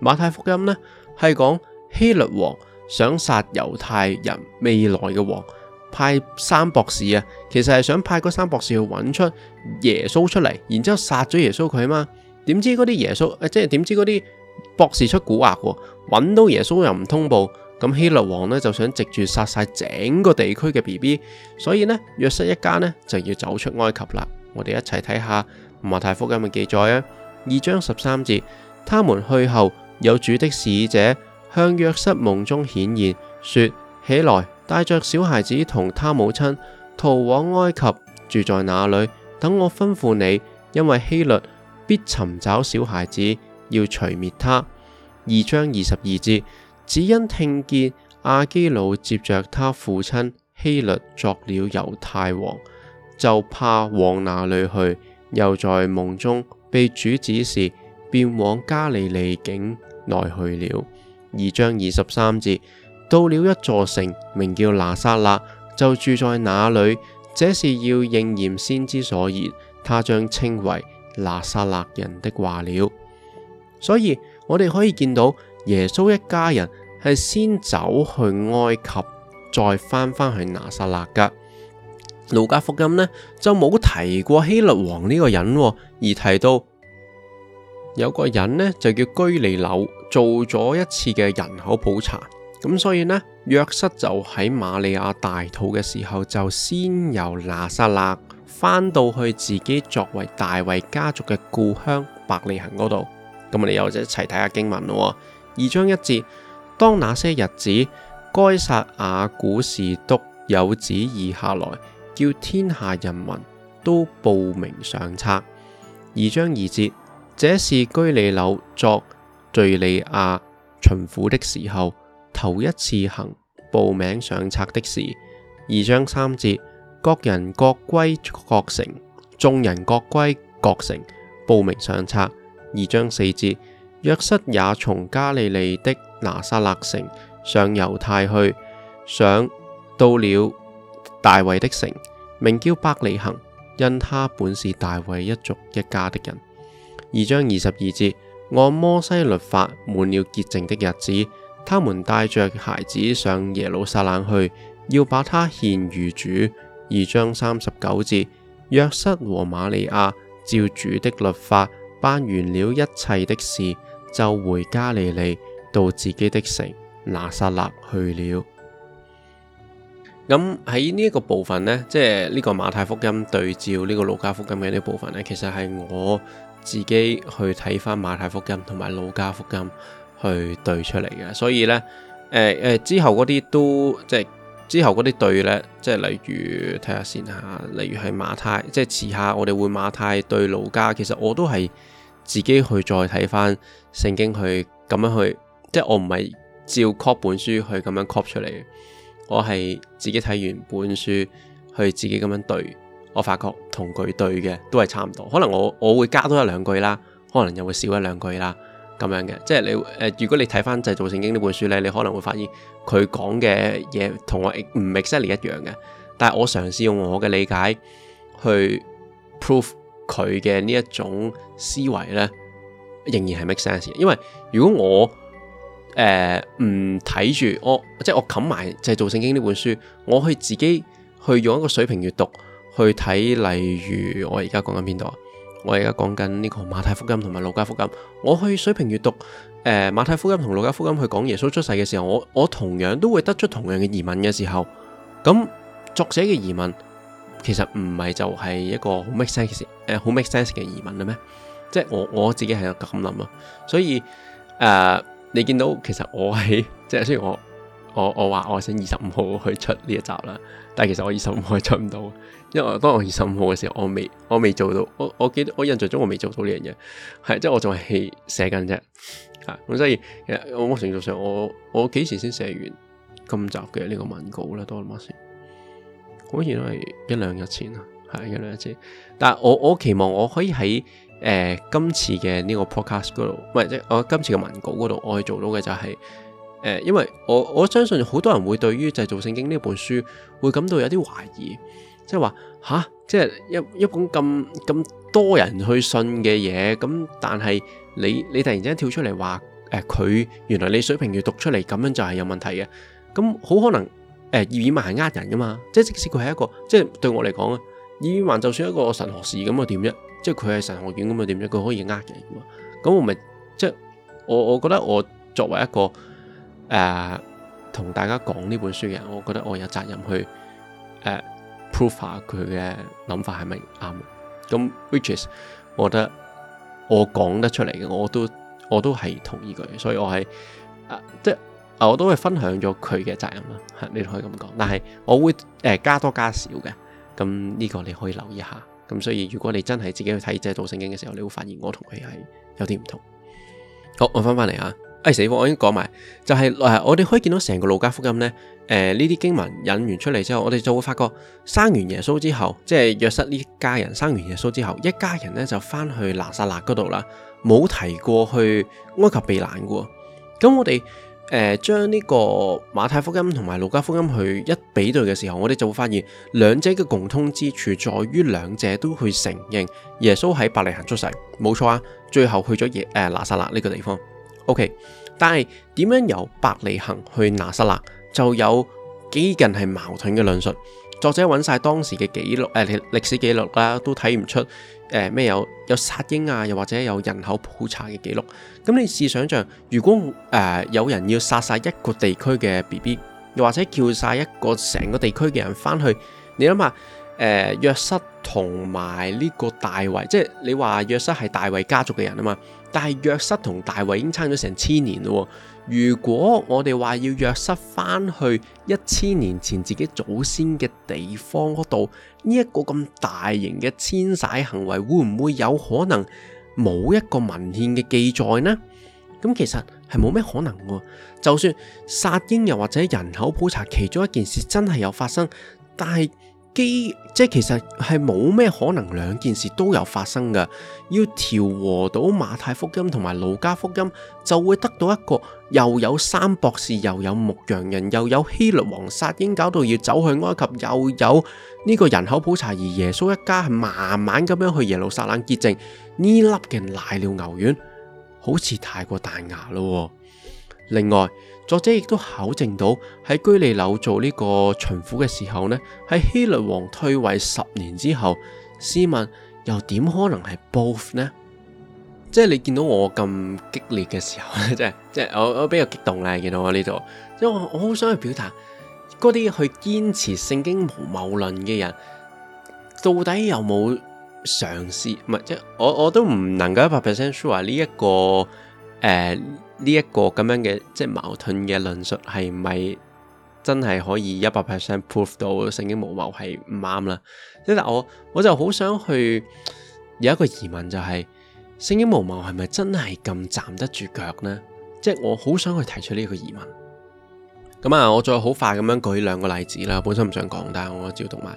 馬太福音呢，係講希律王想殺猶太人未來嘅王，派三博士啊，其實係想派嗰三博士去揾出耶穌出嚟，然之後殺咗耶穌佢啊嘛？點知嗰啲耶穌誒，即係點知啲博士出蠱惑，揾到耶穌又唔通報，咁希律王呢，就想直住殺晒整個地區嘅 BB，所以呢，約瑟一家呢，就要走出埃及啦。我哋一齊睇下。唔，馬太福音咪記載啊，二章十三節，他們去後，有主的使者向約瑟夢中顯現，說起來，帶着小孩子同他母親逃往埃及，住在那裏。等我吩咐你，因為希律必尋找小孩子，要除滅他。二章二十二節，只因聽見亞基老接着他父親希律作了猶太王，就怕往那裏去。又在夢中被主指示，便往加利利境內去了。二章二十三節，到了一座城，名叫拿撒勒，就住在那裏。這是要應驗先知所言，他將稱為拿撒勒人的話了。所以我哋可以見到耶穌一家人係先走去埃及，再翻翻去拿撒勒噶。路加福音呢，就冇提過希律王呢個人，哦，而提到有個人呢，就叫居里柳做咗一次嘅人口普查。咁所以呢，約瑟就喺瑪利亞大肚嘅時候就先由拿撒勒翻到去自己作為大衛家族嘅故鄉伯利恆嗰度。咁我哋又一齊睇下經文咯，哦。二章一節，當那些日子，該撒亞古士督有旨意下來。叫天下人民都報名上冊。二章二節，這是居里樓作敘利亞巡撫的時候頭一次行報名上冊的事。二章三節，各人各歸各城，眾人各歸各城，報名上冊。二章四節，約瑟也從加利利的拿撒勒城上猶太去，上到了大衛的城。名叫伯利恆，因他本是大衛一族一家的人。二章二十二節，按摩西律法滿了潔淨的日子，他們帶着孩子上耶路撒冷去，要把他獻於主。二章三十九節，約瑟和瑪利亞照主的律法辦完了一切的事，就回加利利到自己的城拿撒勒去了。咁喺呢一個部分呢，即係呢個馬太福音對照呢個路加福音嘅呢部分呢，其實係我自己去睇翻馬太福音同埋路加福音去對出嚟嘅。所以呢，誒、呃呃、之後嗰啲都即係之後嗰啲對呢，即係例如睇下先吓，例如係馬太，即係遲下我哋會馬太對路加，其實我都係自己去再睇翻聖經去咁樣去，即係我唔係照 copy 本書去咁樣 copy 出嚟嘅。我係自己睇完本書，去自己咁樣對，我發覺同佢對嘅都係差唔多，可能我我會加多一兩句啦，可能又會少一兩句啦，咁樣嘅，即係你誒、呃，如果你睇翻，就是《製造聖經》呢本書呢，你可能會發現佢講嘅嘢同我唔 exactly 一樣嘅，但係我嘗試用我嘅理解去 proof 佢嘅呢一種思維呢，仍然係 make sense，因為如果我誒唔睇住我，即係我冚埋就係製造聖經呢本書，我去自己去用一個水平閱讀去睇，例如我而家講緊邊度啊？我而家講緊呢個馬太福音同埋路加福音，我去水平閱讀誒馬太福音同路加福音去講耶穌出世嘅時候，我我同樣都會得出同樣嘅疑問嘅時候，咁作者嘅疑問其實唔係就係一個好 make sense 誒好 make sense 嘅疑問咧咩？即係我我自己係咁諗啊，所以誒。呃你見到其實我係即係雖然我我我話我想二十五號去出呢一集啦，但係其實我二十五號係出唔到，因為當我二十五號嘅時候，我未我未做到，我我記得我印象中我未做到呢樣嘢，係即係我仲係寫緊啫，嚇咁所以其實某程度上我我幾時先寫完今集嘅呢個文稿咧？多啦媽先，好似都係一兩日前啦，係一兩日前，但係我我期望我可以喺。誒、呃、今次嘅呢個 podcast 嗰度，唔係即我今次嘅文稿嗰度，我係做到嘅就係、是、誒、呃，因為我我相信好多人會對於製造聖經呢本書會感到有啲懷疑，即係話吓，即係一一本咁咁多人去信嘅嘢，咁但係你你突然之間跳出嚟話誒，佢、呃、原來你水平要讀出嚟，咁樣就係有問題嘅，咁好可能誒，葉爾曼係呃人噶嘛，即係即使佢係一個，即係對我嚟講啊，葉爾曼就算一個神學士咁啊，又點啫？即係佢係神學院咁啊？點啫？佢可以呃人嘛？咁我咪即係我？我覺得我作為一個誒、呃、同大家講呢本書嘅人，我覺得我有責任去誒 prove、呃、下佢嘅諗法係咪啱。咁 which is，我覺得我講得出嚟嘅，我都我都係同意佢，所以我係誒、呃、即係我都係分享咗佢嘅責任啦。吓，你可以咁講，但係我會誒、呃、加多加少嘅。咁呢個你可以留意下。咁所以如果你真係自己去睇即係《製造聖經》嘅時候，你會發現我同佢係有啲唔同。好，我翻翻嚟啊！哎，死我，我已經講埋，就係，是，我哋可以見到成個路加福音呢。誒呢啲經文引完出嚟之後，我哋就會發覺生完耶穌之後，即係約瑟呢家人生完耶穌之後，一家人呢就翻去拿撒勒嗰度啦，冇提過去埃及避難嘅。咁我哋。誒、呃，將呢個馬太福音同埋路加福音去一比對嘅時候，我哋就會發現兩者嘅共通之處在於兩者都去承認耶穌喺伯利恒出世。冇錯啊，最後去咗耶誒拿撒勒呢個地方。OK，但係點樣由伯利恒去拿撒勒就有幾近係矛盾嘅論述。作者揾晒當時嘅記錄，誒、呃、歷史記錄啦，都睇唔出誒咩、呃、有有殺嬰啊，又或者有人口普查嘅記錄。咁你試想像，如果誒、呃、有人要殺晒一個地區嘅 BB，又或者叫晒一個成個地區嘅人翻去，你諗下誒約瑟同埋呢個大衛，即係你話約瑟係大衛家族嘅人啊嘛，但係約瑟同大衛已經爭咗成千年喎、啊。如果我哋話要約瑟翻去一千年前自己祖先嘅地方嗰度，呢、這、一個咁大型嘅遷徙行為會唔會有可能冇一個文獻嘅記載呢？咁其實係冇咩可能嘅，就算殺嬰又或者人口普查其中一件事真係有發生，但係。即係其實係冇咩可能兩件事都有發生嘅，要調和到馬太福音同埋路加福音，就會得到一個又有三博士，又有牧羊人，又有希律王殺嬰，搞到要走去埃及，又有呢個人口普查，而耶穌一家係慢慢咁樣去耶路撒冷潔淨呢粒嘅瀨尿牛丸，好似太過彈牙啦。另外。作者亦都考證到喺居利樓做呢個巡撫嘅時候呢，喺希律王退位十年之後，試問又點可能係 both 呢？即係你見到我咁激烈嘅時候咧， [LAUGHS] 即係即係我我比較激動咧，見到我呢度，即係我我好想去表達嗰啲去堅持聖經無謬論嘅人到底有冇嘗試？唔係即係我我都唔能夠一百 percent sure 呢一個誒。呃呢一個咁樣嘅即係矛盾嘅論述，係咪真係可以一百 percent proof 到聖經無謬係唔啱啦？即係我我就好想去有一個疑問，就是，就係聖經無謬係咪真係咁站得住腳呢？即係我好想去提出呢個疑問。咁、嗯、啊，我再好快咁樣舉兩個例子啦。本身唔想講，但係我照讀埋。誒、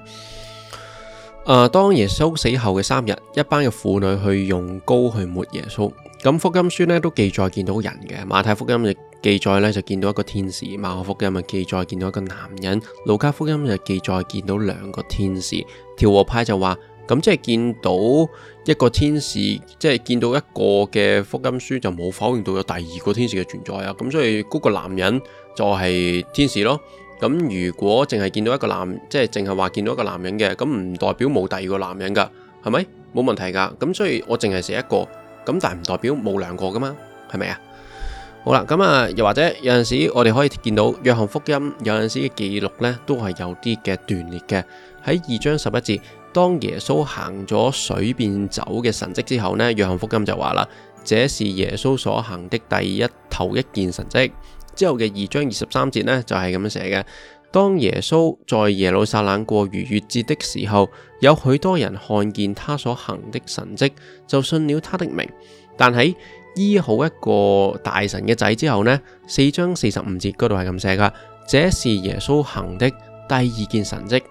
呃，當耶穌死後嘅三日，一班嘅婦女去用膏去抹耶穌。咁福音書咧都記載見到人嘅，馬太福音亦記載咧就見到一個天使，馬可福音就記載見到一個男人，路加福音就記載見到兩個天使。調和派就話咁即係見到一個天使，即係見到一個嘅福音書就冇否認到有第二個天使嘅存在啊。咁所以嗰個男人就係天使咯。咁如果淨係見到一個男，即係淨係話見到一個男人嘅，咁唔代表冇第二個男人噶，係咪？冇問題噶。咁所以我淨係寫一個。咁但係唔代表冇兩個噶嘛，係咪啊？好啦，咁啊，又或者有陣時我哋可以見到約翰福音有陣時嘅記錄呢，都係有啲嘅斷裂嘅。喺二章十一節，當耶穌行咗水變酒嘅神蹟之後呢，約翰福音就話啦：，這是耶穌所行的第一頭一件神蹟。之後嘅二章二十三節呢，就係咁樣寫嘅：，當耶穌在耶路撒冷過逾越節的時候。有許多人看見他所行的神蹟，就信了他的名。但喺醫好一個大神嘅仔之後呢，四章四十五節嗰度係咁寫噶，這是耶穌行的第二件神蹟。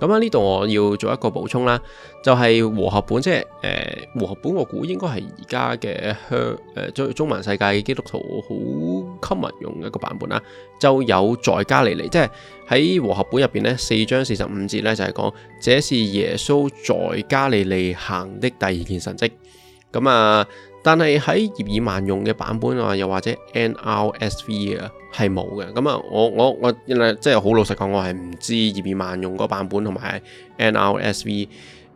咁啊呢度我要做一個補充啦，就係和合本即係誒和合本，即呃、和合本我估應該係而家嘅香誒中中文世界基督徒好 common 用嘅一個版本啦，就有在加利利即係。喺和合本入邊呢，四章四十五節呢，就係、是、講，這是耶穌在加利利行的第二件神蹟。咁、嗯、啊，但係喺葉爾曼用嘅版本啊，又或者 NRSV 啊係冇嘅。咁、嗯、啊，我我我真係即係好老實講，我係唔知葉爾曼用嗰版本同埋 NRSV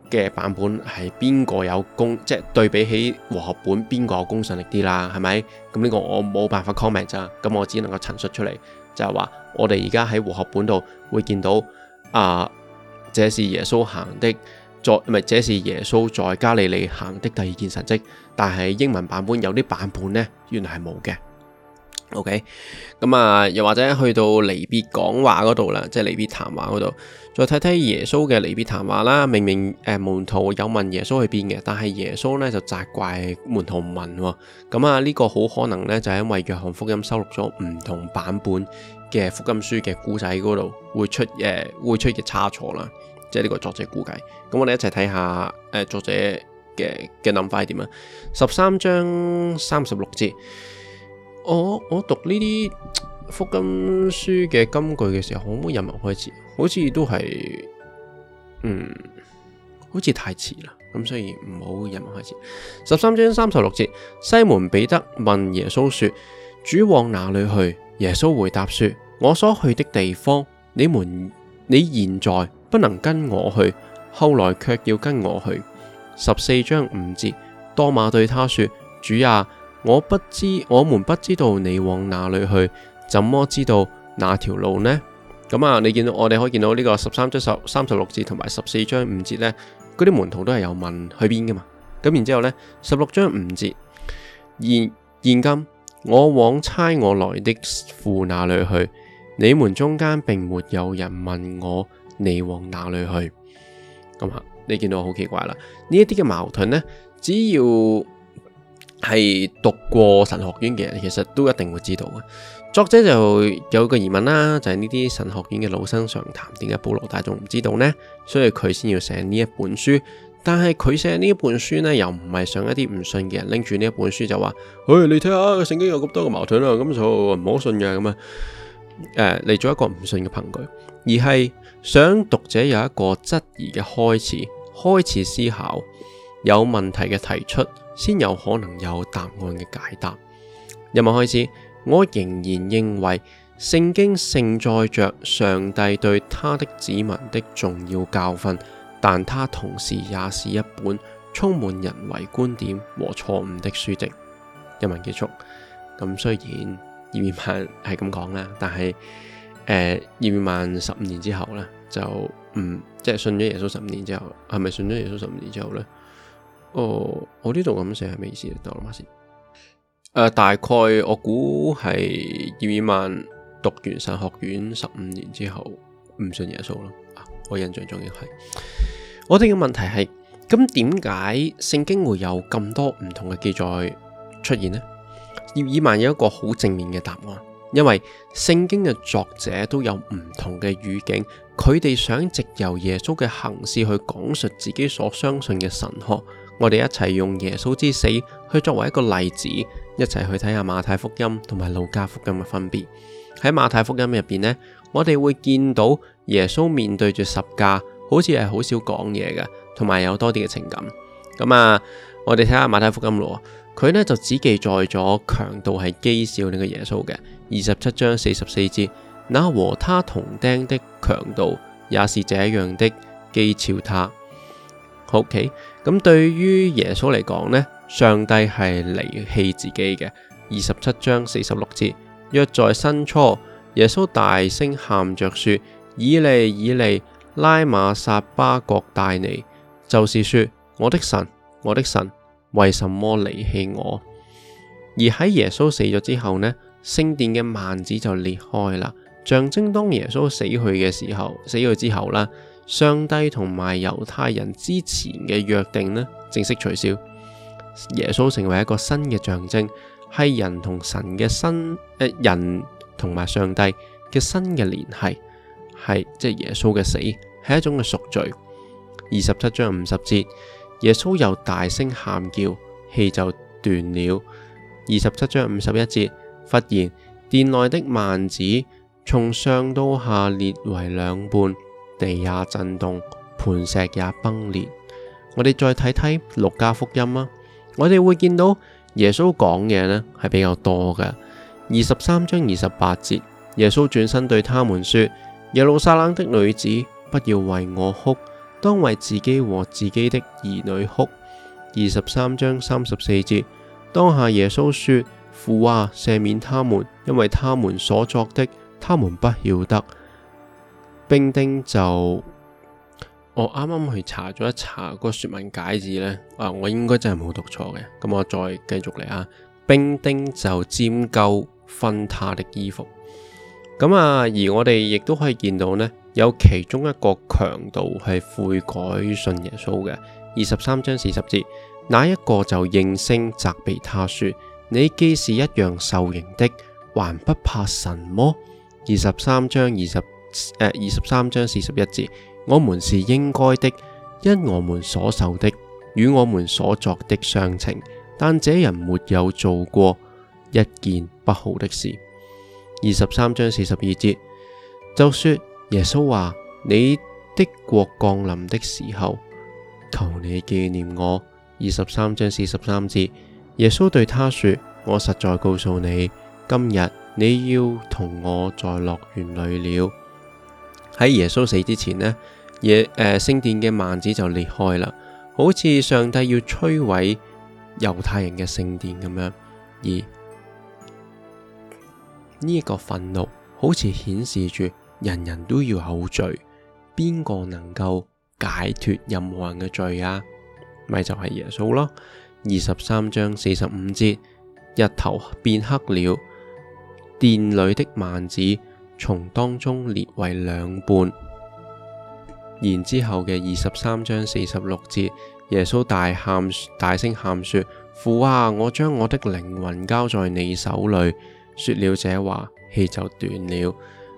嘅版本係邊個有功，即係對比起和合本邊個有公信力啲啦，係咪？咁、嗯、呢、這個我冇辦法 comment 咋，咁我只能夠陳述出嚟。就係話，我哋而家喺和合本度會見到啊，這是耶穌行的在，唔係這是耶穌在加利利行的第二件神跡，但係英文版本有啲版本呢，原來係冇嘅。OK，咁啊，又或者去到離別講話嗰度啦，即係離別談話嗰度，再睇睇耶穌嘅離別談話啦。明明誒、呃，門徒有問耶穌去邊嘅，但係耶穌呢就責怪門徒唔問。咁啊，呢、這個好可能呢，就係因為約翰福音收錄咗唔同版本嘅福音書嘅古仔嗰度會出誒、呃、會出嘅差錯啦、啊。即係呢個作者估計。咁、啊、我哋一齊睇下誒、呃、作者嘅嘅諗法係點啊？十三章三十六節。我我讀呢啲福音書嘅金句嘅時候，可唔可以任何開始？好似都係，嗯，好似太遲啦。咁所以唔好任何開始。十三、嗯、章三十六節，西門彼得問耶穌說：主往哪裏去？耶穌回答說：我所去的地方，你們你現在不能跟我去，後來卻要跟我去。十四章五節，多馬對他說：主啊！我不知，我們不知道你往哪裏去，怎麼知道哪條路呢？咁啊，你見到我哋可以見到呢個十三章三十六節同埋十四章五節呢。嗰啲門徒都係有問去邊噶嘛？咁然之後呢，十六章五節，現現今我往差我來的父那裏去，你們中間並沒有人問我你往哪裏去。咁啊，你見到好奇怪啦？呢一啲嘅矛盾呢，只要。係讀過神學院嘅人，其實都一定會知道嘅。作者就有個疑問啦，就係呢啲神學院嘅老生常談，點解普羅大眾唔知道呢？所以佢先要寫呢一本書。但係佢寫呢一本書呢，又唔係想一啲唔信嘅人拎住呢一本書就話，誒、hey，你睇下聖經有咁多個矛盾啊，咁就唔好信嘅咁啊。誒、嗯、嚟做一個唔信嘅憑據，而係想讀者有一個質疑嘅開始，開始思考，有問題嘅提出。先有可能有答案嘅解答。日文開始，我仍然認為聖經承載着上帝對他的子民的重要教訓，但他同時也是一本充滿人為觀點和錯誤的書籍。日文結束，咁雖然葉爾曼係咁講啦，但係誒、呃，葉爾曼十五年之後呢，就唔即係信咗耶穌十五年之後，係咪信咗耶穌十五年之後呢？哦，我呢度咁寫係咩意思？等我諗下先、呃。大概我估係葉爾曼讀完神學院十五年之後唔信耶穌咯、啊。我印象中要係，我哋嘅問題係，咁點解聖經會有咁多唔同嘅記載出現呢？葉爾曼有一個好正面嘅答案，因為聖經嘅作者都有唔同嘅語境，佢哋想藉由耶穌嘅行事去講述自己所相信嘅神學。我哋一齊用耶穌之死去作為一個例子，一齊去睇下馬太福音同埋路加福音嘅分別。喺馬太福音入邊呢，我哋會見到耶穌面對住十架，好似係好少講嘢嘅，同埋有，有多啲嘅情感。咁啊，我哋睇下馬太福音咯，佢呢就只記載咗強盜係譏笑呢個耶穌嘅二十七章四十四節，那和他同釘的強盜也是這樣的譏笑他。O K。咁對於耶穌嚟講呢，上帝係離棄自己嘅。二十七章四十六節，約在申初，耶穌大聲喊着說：以利以利，拉馬撒巴各大尼，就是說我的神，我的神，為什麼離棄我？而喺耶穌死咗之後呢，聖殿嘅幔子就裂開啦，象徵當耶穌死去嘅時候，死去之後啦。上帝同埋猶太人之前嘅約定呢，正式取消。耶穌成為一個新嘅象徵，係人同神嘅新，誒人同埋上帝嘅新嘅聯繫係，即係耶穌嘅死係一種嘅贖罪。二十七章五十節，耶穌又大聲喊叫，氣就斷了。二十七章五十一節，忽然殿內的幔子從上到下裂為兩半。地也震動，磐石也崩裂。我哋再睇睇路加福音啊，我哋會見到耶穌講嘢呢係比較多嘅。二十三章二十八節，耶穌轉身對他們說：耶路撒冷的女子，不要為我哭，當為自己和自己的兒女哭。二十三章三十四節，當下耶穌說：父啊，赦免他們，因為他們所作的，他們不曉得。冰丁就，我啱啱去查咗一查個《說文解字》咧，啊，我應該真係冇讀錯嘅。咁、嗯、我再繼續嚟啊。兵丁就占夠分他的衣服。咁、嗯、啊，而我哋亦都可以見到咧，有其中一個強盜係悔改信耶穌嘅。二十三章四十節，那一個就應聲責備他說：你既是一樣受刑的，還不怕神麼？二十三章二十。二十三章四十一節，我們是應該的，因我們所受的與我們所作的相稱。但這人沒有做過一件不好的事。二十三章四十二節，就說耶穌話：你的國降臨的時候，求你紀念我。二十三章四十三節，耶穌對他說：我實在告訴你，今日你要同我在樂園裏了。喺耶穌死之前咧，嘢、呃、聖殿嘅幔子就裂開啦，好似上帝要摧毀猶太人嘅聖殿咁樣，而呢一個憤怒好似顯示住人人都要有罪，邊個能夠解脫任何人嘅罪啊？咪就係、是、耶穌咯。二十三章四十五節，日頭變黑了，殿裏的幔子。從當中列為兩半，然之後嘅二十三章四十六節，耶穌大喊大聲喊說：父啊，我將我的靈魂交在你手裏。說了這話，氣就斷了。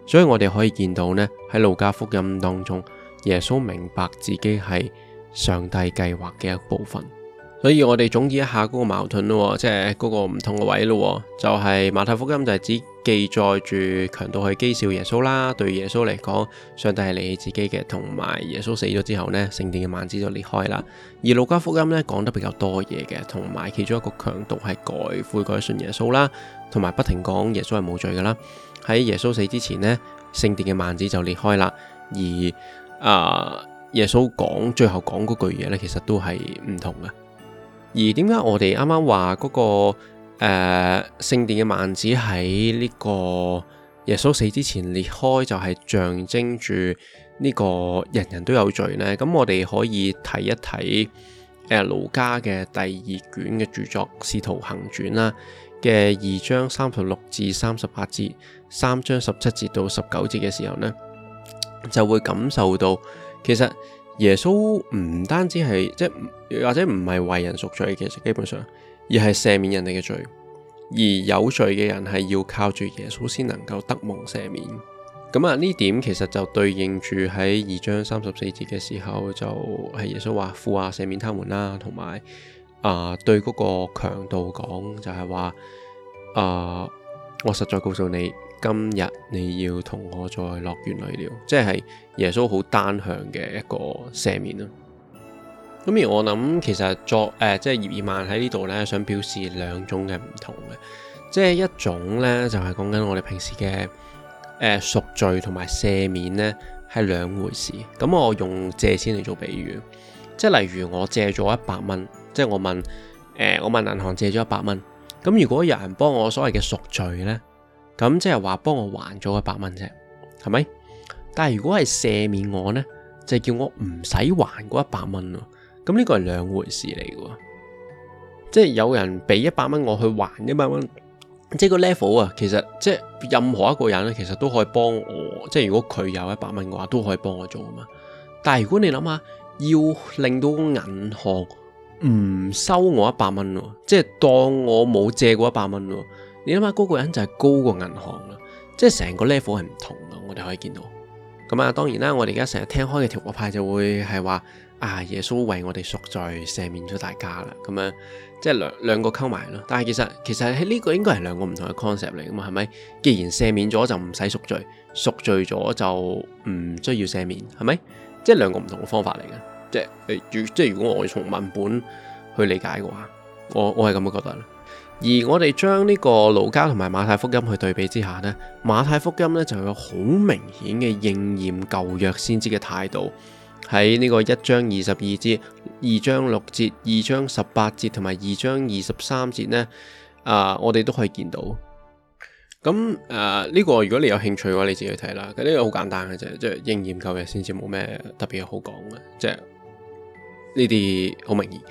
所以我哋可以見到呢，喺路加福音當中，耶穌明白自己係上帝計劃嘅一部分。所以我哋總結一下嗰個矛盾咯，即係嗰個唔同嘅位咯，就係、是哦就是、馬太福音就係、是、只記載住強盜去譏笑耶穌啦，對耶穌嚟講，上帝係離棄自己嘅，同埋耶穌死咗之後呢，聖殿嘅幔子就裂開啦。而路加福音呢，講得比較多嘢嘅，同埋其中一個強盜係改悔改信耶穌啦，同埋不停講耶穌係冇罪噶啦。喺耶穌死之前呢，聖殿嘅幔子就裂開啦。而啊、呃、耶穌講最後講嗰句嘢呢，其實都係唔同嘅。而點解我哋啱啱話嗰個誒聖、呃、殿嘅幔子喺呢個耶穌死之前裂開，就係象徵住呢個人人都有罪呢？咁我哋可以睇一睇誒路加嘅第二卷嘅著作《使徒行傳》啦嘅二章三十六至三十八節、三章十七節到十九節嘅時候呢，就會感受到其實。耶穌唔單止係即係或者唔係為人贖罪，其實基本上，而係赦免人哋嘅罪，而有罪嘅人係要靠住耶穌先能夠得蒙赦免。咁啊呢點其實就對應住喺二章三十四節嘅時候，就係、是、耶穌話父啊赦免他們啦，同埋啊對嗰個強盜講就係話啊我實在告訴你。今日你要同我在樂園裏聊，即係耶穌好單向嘅一個赦免啦。咁而我諗，其實作誒、呃，即係葉爾曼喺呢度呢，想表示兩種嘅唔同嘅，即係一種呢，就係講緊我哋平時嘅誒贖罪同埋赦免呢，係兩回事。咁我用借錢嚟做比喻，即係例如我借咗一百蚊，即係我問誒、呃，我問銀行借咗一百蚊。咁如果有人幫我所謂嘅贖罪呢。咁即係話幫我還咗一百蚊啫，係咪？但係如果係赦免我呢，就叫我唔使還嗰一百蚊咯。咁呢個係兩回事嚟嘅，即係有人俾一百蚊我去還一百蚊，即係個 level 啊。其實即係任何一個人咧，其實都可以幫我。即係如果佢有一百蚊嘅話，都可以幫我做啊嘛。但係如果你諗下，要令到銀行唔收我一百蚊咯，即係當我冇借過一百蚊咯。你諗下嗰個人就係高過銀行啦，即係成個 level 係唔同噶，我哋可以見到。咁、嗯、啊，當然啦，我哋而家成日聽開嘅調和派就會係話啊，耶穌為我哋贖罪赦免咗大家啦，咁樣，嗯，即係兩兩個溝埋咯。但係其實其實喺呢個應該係兩個唔同嘅 concept 嚟噶嘛，係咪？既然赦免咗就唔使贖罪，贖罪咗就唔需要赦免，係咪？即係兩個唔同嘅方法嚟嘅。即係、呃、即係如果我從文本去理解嘅話，我我係咁樣覺得。而我哋將呢個路加同埋馬太福音去對比之下呢，馬太福音呢就有好明顯嘅應驗舊約先知嘅態度，喺呢個一章二十二節、二章六節、二章十八節同埋二章二十三節呢，啊、呃，我哋都可以見到。咁誒，呢、呃呢個如果你有興趣嘅話，你自己去睇啦。咁、這、呢個好簡單嘅啫，即係應驗舊約先知冇咩特別好講嘅，即係呢啲好明顯。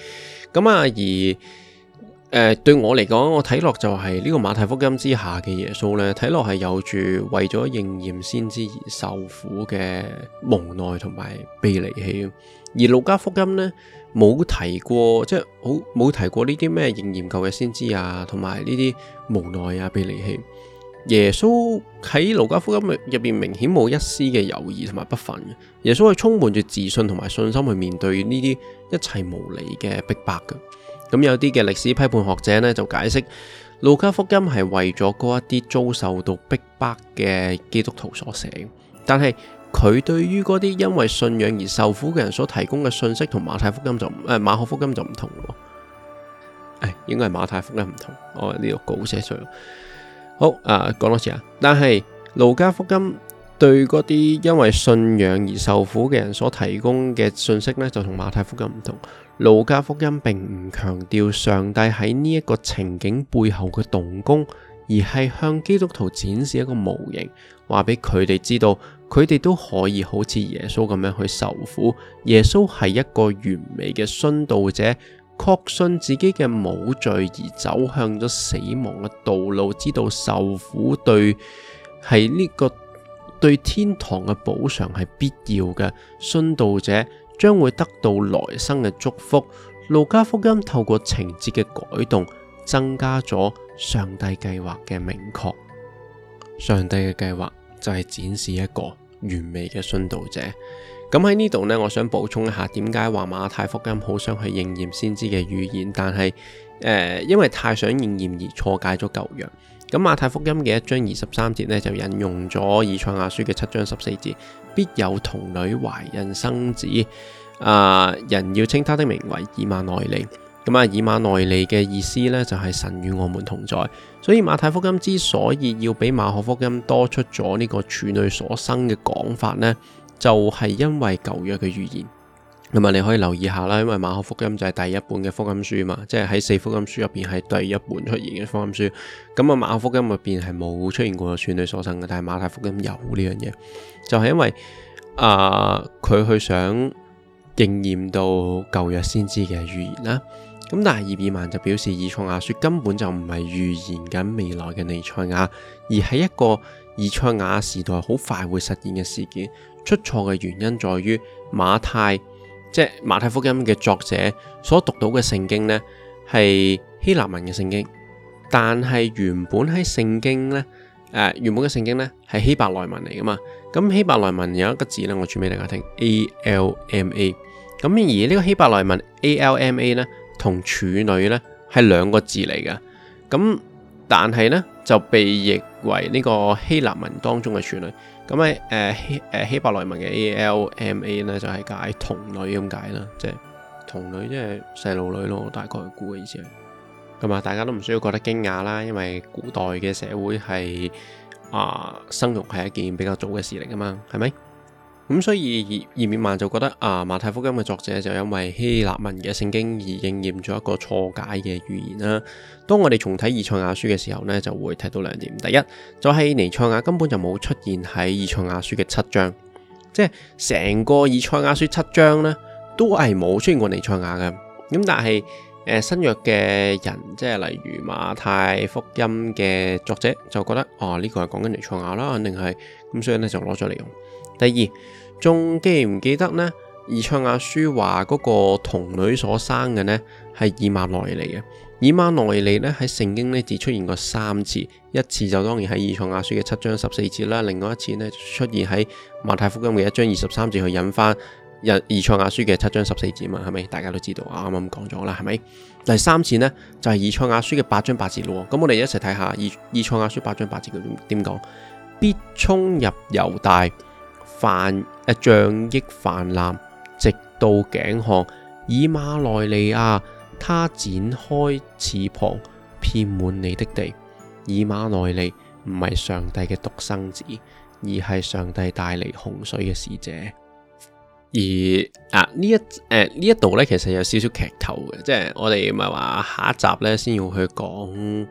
咁啊，而誒，對我嚟講，我睇落就係呢個馬太福音之下嘅耶穌呢，睇落係有住為咗應驗先知而受苦嘅無奈同埋被離棄。而路加福音呢，冇提過即係好冇提過呢啲咩應驗舊約先知啊，同埋呢啲無奈啊、被離棄。耶穌喺路加福音入邊明顯冇一絲嘅猶豫同埋不忿。耶穌係充滿住自信同埋信心去面對呢啲一切無理嘅逼迫嘅。咁有啲嘅歷史批判學者咧，就解釋路加福音係為咗嗰一啲遭受到逼迫嘅基督徒所寫，但係佢對於嗰啲因為信仰而受苦嘅人所提供嘅信息，同馬太福音就誒、哎、馬可福音就唔同咯。誒、哎、應該係馬太福音唔同，我呢度稿寫錯。好啊，講多次啊，但係路加福音對嗰啲因為信仰而受苦嘅人所提供嘅信息咧，就同馬太福音唔同。路加福音並唔強調上帝喺呢一個情景背後嘅動工，而係向基督徒展示一個模型，話俾佢哋知道，佢哋都可以好似耶穌咁樣去受苦。耶穌係一個完美嘅殉道者，確信自己嘅冇罪而走向咗死亡嘅道路，知道受苦對係呢、這個對天堂嘅補償係必要嘅殉道者，將會得到來生嘅祝福。路加福音透過情節嘅改動，增加咗上帝計劃嘅明確。上帝嘅計劃就係展示一個完美嘅殉道者。咁喺呢度呢，我想補充一下，點解話馬太福音好想去應驗先知嘅預言，但係誒、呃，因為太想應驗而錯解咗舊約。咁馬太福音嘅一章二十三節呢，就引用咗以賽亞書嘅七章十四節，必有童女懷孕生子，啊、呃、人要稱他的名為以馬內利。咁、嗯、啊以馬內利嘅意思呢，就係、是、神與我們同在。所以馬太福音之所以要比馬可福音多出咗呢個處女所生嘅講法呢，就係、是、因為舊約嘅預言。同埋你可以留意下啦，因為馬可福音就係第一本嘅福音書嘛，即係喺四福音書入邊係第一本出現嘅福音書。咁啊，馬可福音入邊係冇出現過處女所生嘅，但係馬太福音有呢樣嘢，就係、是、因為啊，佢、呃、去想應驗到舊約先知嘅預言啦。咁但係葉爾曼就表示以賽亞書根本就唔係預言緊未來嘅尼賽亞，而係一個以賽亞時代好快會實現嘅事件。出錯嘅原因在於馬太。即係馬太福音嘅作者所讀到嘅聖經呢，係希臘文嘅聖經，但係原本喺聖經呢，誒、呃、原本嘅聖經呢，係希伯來文嚟噶嘛，咁希伯來文有一個字呢，我轉俾大家聽，A L M A，咁而呢個希伯來文 A L M A 呢，同處女呢，係兩個字嚟噶，咁但係呢，就被譯為呢個希臘文當中嘅處女。咁係誒希誒希伯來文嘅 ALMA 呢，就係、是、解童女咁解啦，即係童女，即係細路女咯，大概係估嘅意思。咁、就、啊、是，大家都唔需要覺得驚訝啦，因為古代嘅社會係啊生育係一件比較早嘅事嚟㗎嘛，係咪？咁所以葉、葉爾曼就覺得啊，馬太福音嘅作者就因為希臘文嘅聖經而應驗咗一個錯解嘅預言啦、啊。當我哋重睇以賽亞書嘅時候呢，就會睇到兩點：第一，就係、是、彌賽亞根本就冇出現喺以賽亞書嘅七章，即係成個以賽亞書七章呢都係冇出現過彌賽亞嘅。咁但係誒、呃、新約嘅人，即係例如馬太福音嘅作者，就覺得哦，呢、啊這個係講緊彌賽亞啦，肯定係咁，所以呢，就攞咗嚟用。第二，仲記唔記得呢？以賽亞書話嗰個童女所生嘅呢，係以馬內利嘅。以馬內利呢喺聖經呢，只出現過三次，一次就當然喺以賽亞書嘅七章十四節啦。另外一次呢，出現喺馬太福音嘅一章二十三節去引翻《以以賽亞書》嘅七章十四節嘛。係咪？大家都知道我啱啱講咗啦，係咪？第三次呢，就係以賽亞書嘅八章八節咯。咁我哋一齊睇下《以以賽亞書》八章八節佢點點講，必沖入猶大。泛誒，瘴疫、啊、泛濫，直到頸項。以馬內利亞，他展開翅膀，遍滿你的地。以馬內利唔係上帝嘅獨生子，而係上帝帶嚟洪水嘅使者。而啊，一啊一呢一誒呢一度呢，其實有少少劇透嘅，即係我哋唔係話下一集呢，先要去講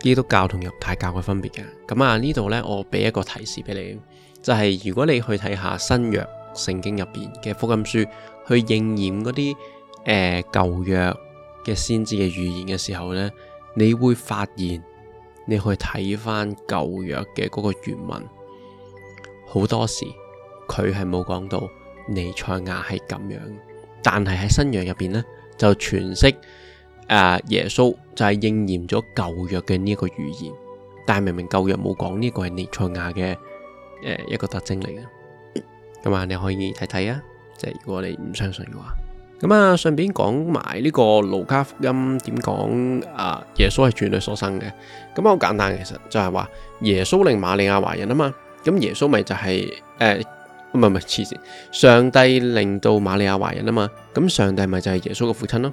基督教同猶太教嘅分別嘅。咁啊呢度呢，我俾一個提示俾你。就係如果你去睇下新約聖經入邊嘅福音書，去應驗嗰啲誒舊約嘅先知嘅預言嘅時候呢，你會發現，你去睇返舊約嘅嗰個原文，好多時佢係冇講到彌賽亞係咁樣，但係喺新約入邊呢，就詮釋誒耶穌就係應驗咗舊約嘅呢一個預言，但係明明舊約冇講呢個係彌賽亞嘅。誒，一個特徵嚟嘅，咁啊，你可以睇睇啊，即係如果你唔相信嘅話，咁啊，順便講埋呢個路加福音點講啊？耶穌係全女所生嘅，咁好簡單，其實就係話耶穌令瑪利亞懷孕啊嘛，咁耶穌咪就係誒，唔係唔係黐線，上帝令到瑪利亞懷孕啊嘛，咁上帝咪就係耶穌嘅父親咯，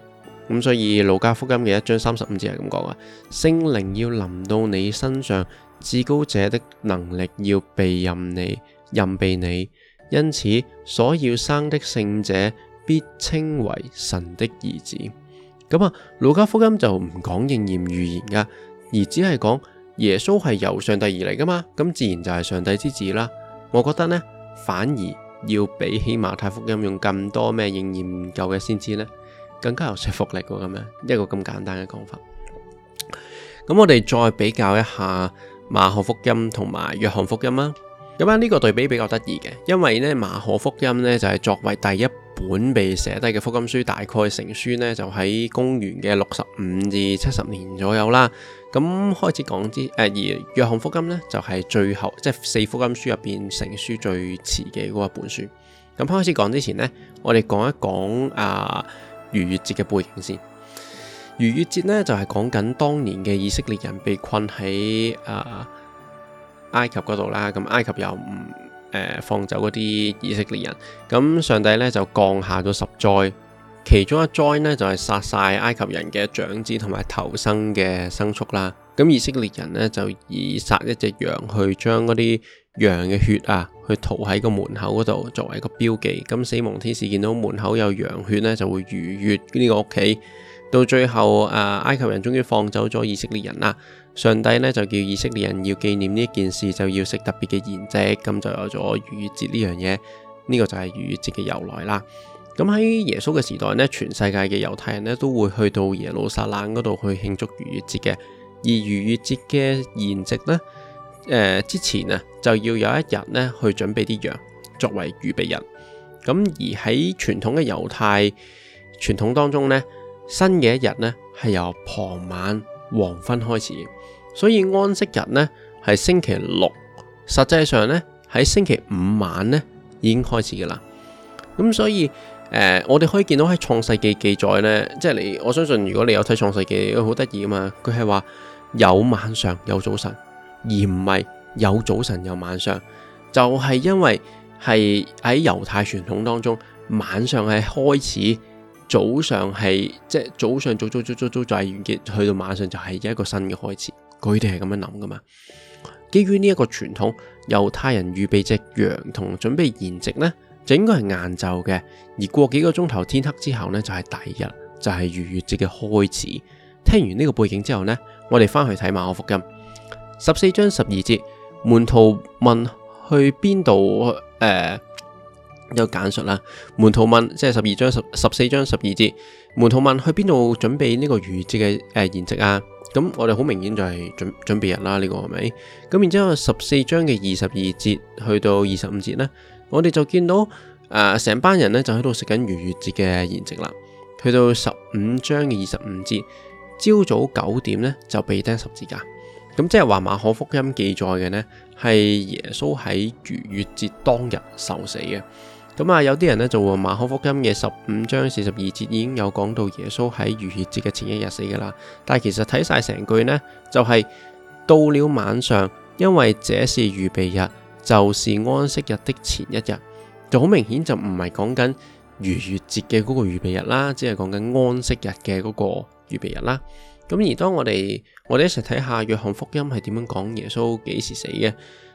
咁所以路加福音嘅一章三十五節係咁講啊，聖靈要臨到你身上。至高者的能力要蔭庇你，蔭庇你，因此所要生的聖者必稱為神的兒子。咁啊，路加福音就唔講應驗預言噶，而只係講耶穌係由上帝而嚟噶嘛，咁自然就係上帝之子啦。我覺得呢，反而要比起馬太福音用咁多咩應驗研究嘅先知呢，更加有說服力噶。咁樣一個咁簡單嘅講法。咁我哋再比較一下。馬可福音同埋約翰福音啦，咁、嗯、呢、這個對比比較得意嘅，因為咧馬可福音呢就係、是、作為第一本被寫低嘅福音書，大概成書呢就喺公元嘅六十五至七十年左右啦。咁、嗯、開始講之，誒、呃、而約翰福音呢就係、是、最後即係、就是、四福音書入邊成書最遲嘅嗰一本書。咁、嗯、開始講之前呢，我哋講一講啊逾越節嘅背景先。逾越節咧，就係講緊當年嘅以色列人被困喺啊、呃、埃及嗰度啦，咁埃及又唔誒、呃、放走嗰啲以色列人，咁上帝咧就降下咗十災，其中一災呢，就係、是、殺晒埃及人嘅長子同埋頭生嘅牲畜啦，咁以色列人呢，就以殺一隻羊去將嗰啲羊嘅血啊去塗喺個門口嗰度作為一個標記，咁死亡天使見到門口有羊血呢，就會逾越呢個屋企。到最後，誒埃及人終於放走咗以色列人啦。上帝呢，就叫以色列人要紀念呢件事，就要食特別嘅筵席，咁就有咗逾越節呢樣嘢。呢個就係逾越節嘅由來啦。咁喺耶穌嘅時代咧，全世界嘅猶太人咧都會去到耶路撒冷嗰度去慶祝逾越節嘅。而逾越節嘅筵席呢，誒、呃、之前啊就要有一日咧去準備啲羊作為預備人。咁而喺傳統嘅猶太傳統當中呢，新嘅一日呢，係由傍晚黃昏開始，所以安息日呢係星期六，實際上呢喺星期五晚呢已經開始噶啦。咁所以誒、呃，我哋可以見到喺創世記記，記載呢，即係你我相信，如果你有睇創世記，佢好得意噶嘛，佢係話有晚上有早晨，而唔係有早晨有晚上，就係、是、因為係喺猶太傳統當中，晚上係開始。早上係即係早上早早早早早就係完結，去到晚上就係一個新嘅開始。佢哋係咁樣諗噶嘛？基於呢一個傳統，猶太人預備隻羊同準備筵席呢，就應該係晏晝嘅。而過幾個鐘頭天黑之後呢，就係第二日，就係、是、逾越節嘅開始。聽完呢個背景之後呢，我哋翻去睇馬可福音十四章十二節，門徒問去邊度誒？呃有簡述啦。門徒問，即係十二章十十四章十二節，門徒問去邊度準備呢個逾越節嘅誒筵席啊？咁我哋好明顯就係準準備日啦，呢個係咪？咁然之後十四章嘅二十二節去到二十五節呢，我哋就見到誒成、呃、班人呢就喺度食緊逾越節嘅筵席啦。去到十五章嘅二十五節，朝早九點呢就被釘十字架。咁即係話馬可福音記載嘅呢，係耶穌喺逾越節當日受死嘅。咁啊、嗯，有啲人呢就話馬可福音嘅十五章四十二節已經有講到耶穌喺逾越節嘅前一日死噶啦，但係其實睇晒成句呢，就係、是、到了晚上，因為這是預備日，就是安息日的前一日，就好明顯就唔係講緊逾越節嘅嗰個預備日啦，只係講緊安息日嘅嗰個預備日啦。咁、嗯、而當我哋我哋一齊睇下約翰福音係點樣講耶穌幾時死嘅，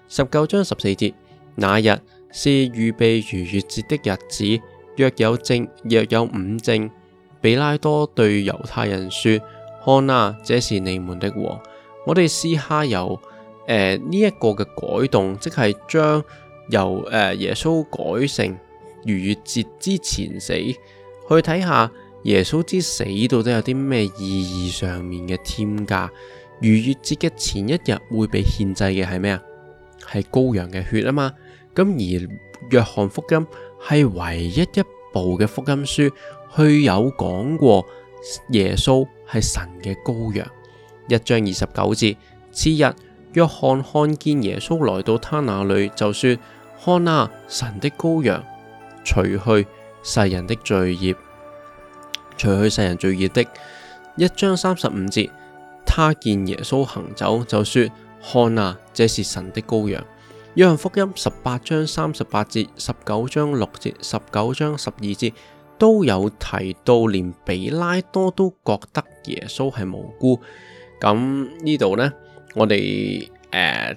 十九章十四節，那日，是預備逾越節的日子，若有正，若有五正。彼拉多對猶太人說：看啊，這是你們的王。我哋試下由誒呢一個嘅改動，即係將由誒、呃、耶穌改成逾越節之前死。去睇下耶穌之死到底有啲咩意義上面嘅添加。逾越節嘅前一日會被獻祭嘅係咩啊？係羔羊嘅血啊嘛。咁而《約翰福音》係唯一一部嘅福音書，去有講過耶穌係神嘅羔羊。一章二十九節，次日約翰看見耶穌來到他那裏，就說：看啊，神的羔羊，除去世人的罪孽，除去世人罪孽的。一章三十五節，他見耶穌行走，就說：看啊，這是神的羔羊。約翰福音十八章三十八節、十九章六節、十九章十二節都有提到，連比拉多都覺得耶穌係無辜。咁呢度呢，我哋誒、呃、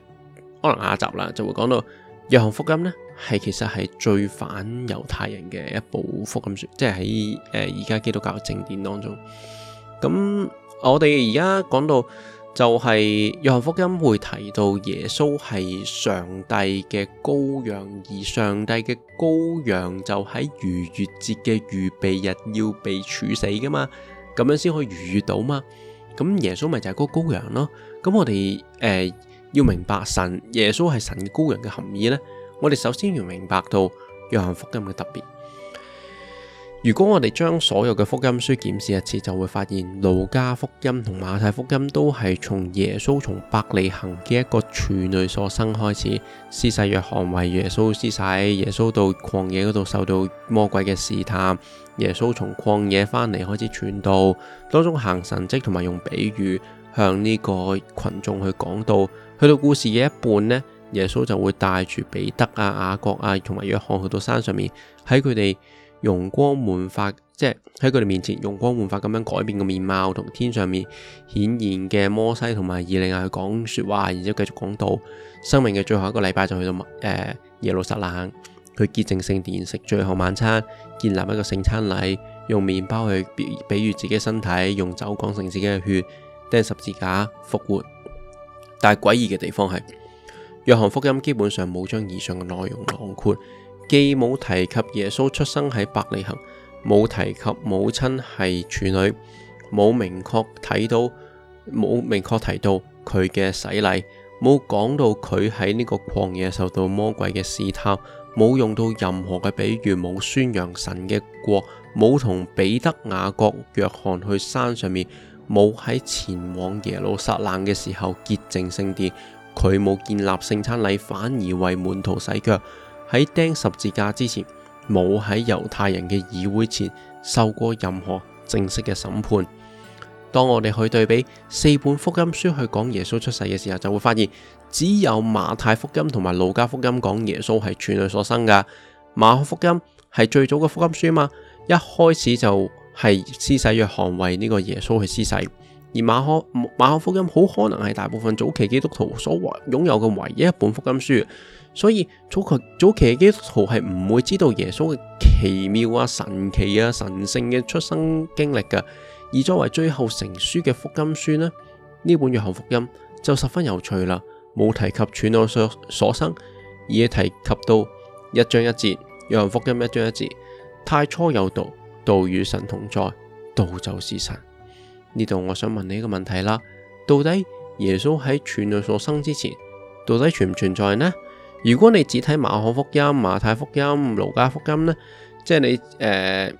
可能下集啦，就會講到約翰福音呢，係其實係最反猶太人嘅一部福音書，即係喺誒而家基督教嘅正典當中。咁我哋而家講到。就係約翰福音會提到耶穌係上帝嘅羔羊，而上帝嘅羔羊就喺逾越節嘅預備日要被處死噶嘛，咁樣先可以逾越到嘛。咁耶穌咪就係嗰個羔羊咯。咁我哋誒、呃、要明白神耶穌係神嘅羔羊嘅含義呢。我哋首先要明白到約翰福音嘅特別。如果我哋將所有嘅福音書檢視一次，就會發現路加福音同馬太福音都係從耶穌從伯利恆嘅一個處女所生開始，施洗約翰為耶穌施洗，耶穌到曠野嗰度受到魔鬼嘅試探，耶穌從曠野翻嚟開始傳道，當中行神蹟同埋用比喻向呢個群眾去講道。去到故事嘅一半呢，耶穌就會帶住彼得啊、雅各啊同埋約翰去到山上面喺佢哋。容光煥發，即係喺佢哋面前容光煥發咁樣改變個面貌，同天上面顯現嘅摩西同埋以利亞去講說話，然之後繼續講道。生命嘅最後一個禮拜就去到誒、呃、耶路撒冷，佢潔淨聖殿，食最後晚餐，建立一個聖餐禮，用麵包去比比喻自己身體，用酒講成自己嘅血，釘十字架復活。但係詭異嘅地方係，約翰福音基本上冇將以上嘅內容囊括。既冇提及耶穌出生喺伯利恆，冇提及母親係處女，冇明確睇到，冇明確提到佢嘅洗禮，冇講到佢喺呢個曠野受到魔鬼嘅試探，冇用到任何嘅比喻，冇宣揚神嘅國，冇同彼得、雅各、約翰去山上面，冇喺前往耶路撒冷嘅時候潔淨聖殿，佢冇建立聖餐禮，反而為門徒洗腳。喺釘十字架之前，冇喺猶太人嘅議會前受過任何正式嘅審判。當我哋去對比四本福音書去講耶穌出世嘅時候，就會發現只有馬太福音同埋路加福音講耶穌係全女所生㗎。馬可福音係最早嘅福音書嘛，一開始就係施洗約翰為呢個耶穌去施洗，而馬可馬可福音好可能係大部分早期基督徒所擁有嘅唯一一本福音書。所以早期嘅基督徒係唔會知道耶穌嘅奇妙啊、神奇啊、神聖嘅出生經歷嘅。而作為最後成書嘅福音書呢，呢本約翰福音就十分有趣啦，冇提及處女所生，而係提及到一章一節，約翰福音一章一節，太初有道，道與神同在，道就是神。呢度我想問你一個問題啦，到底耶穌喺處女所生之前，到底存唔存在呢？如果你只睇馬可福音、馬太福音、路加福音呢，即係你誒、呃，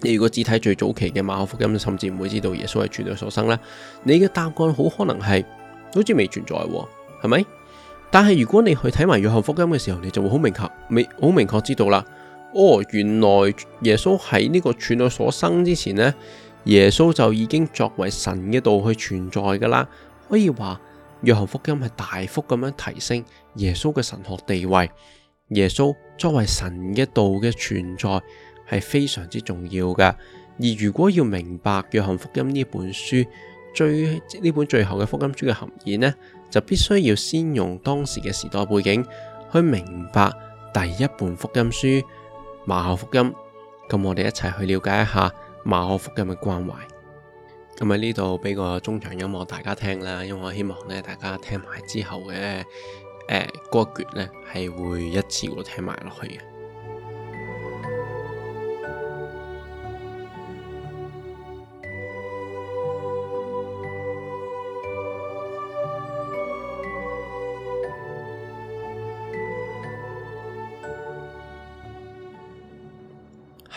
你如果只睇最早期嘅馬可福音，甚至唔會知道耶穌係處女所生呢，你嘅答案好可能係好似未存在，啊，係咪？但係如果你去睇埋約翰福音嘅時候，你就會好明確、未好明確知道啦。哦，原來耶穌喺呢個處女所生之前呢，耶穌就已經作為神嘅道去存在噶啦。可以話約翰福音係大幅咁樣提升耶穌嘅神學地位，耶穌作為神嘅道嘅存在係非常之重要嘅。而如果要明白約翰福音呢本書最呢本最後嘅福音書嘅含義呢，就必須要先用當時嘅時代背景去明白第一本福音書馬可福音。咁我哋一齊去了解一下馬可福音嘅關懷。咁喺呢度俾個中場音樂大家聽啦，因為我希望呢大家聽埋之後嘅。誒，嗰、欸、一橛，係會一次過聽埋落去嘅。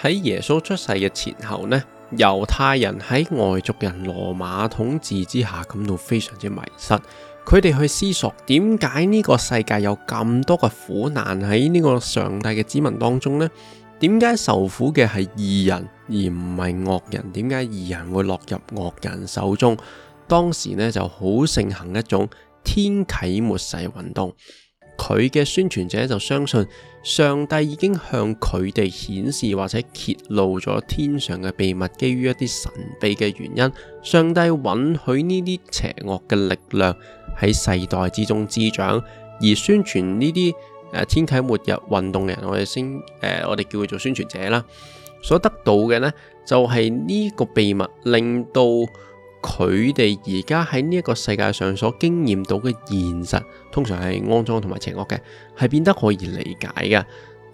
喺 [MUSIC] 耶穌出世嘅前後呢，猶太人喺外族人羅馬統治之下，感到非常之迷失。佢哋去思索點解呢個世界有咁多嘅苦難喺呢個上帝嘅指紋當中呢？點解受苦嘅係義人而唔係惡人？點解義人會落入惡人手中？當時呢就好盛行一種天啟末世運動，佢嘅宣傳者就相信上帝已經向佢哋顯示或者揭露咗天上嘅秘密，基於一啲神秘嘅原因，上帝允許呢啲邪惡嘅力量。喺世代之中滋長而宣傳呢啲誒天啟末日運動嘅人，我哋先，誒、呃，我哋叫佢做宣傳者啦。所得到嘅呢，就係、是、呢個秘密，令到佢哋而家喺呢一個世界上所經驗到嘅現實，通常係骯髒同埋邪惡嘅，係變得可以理解嘅。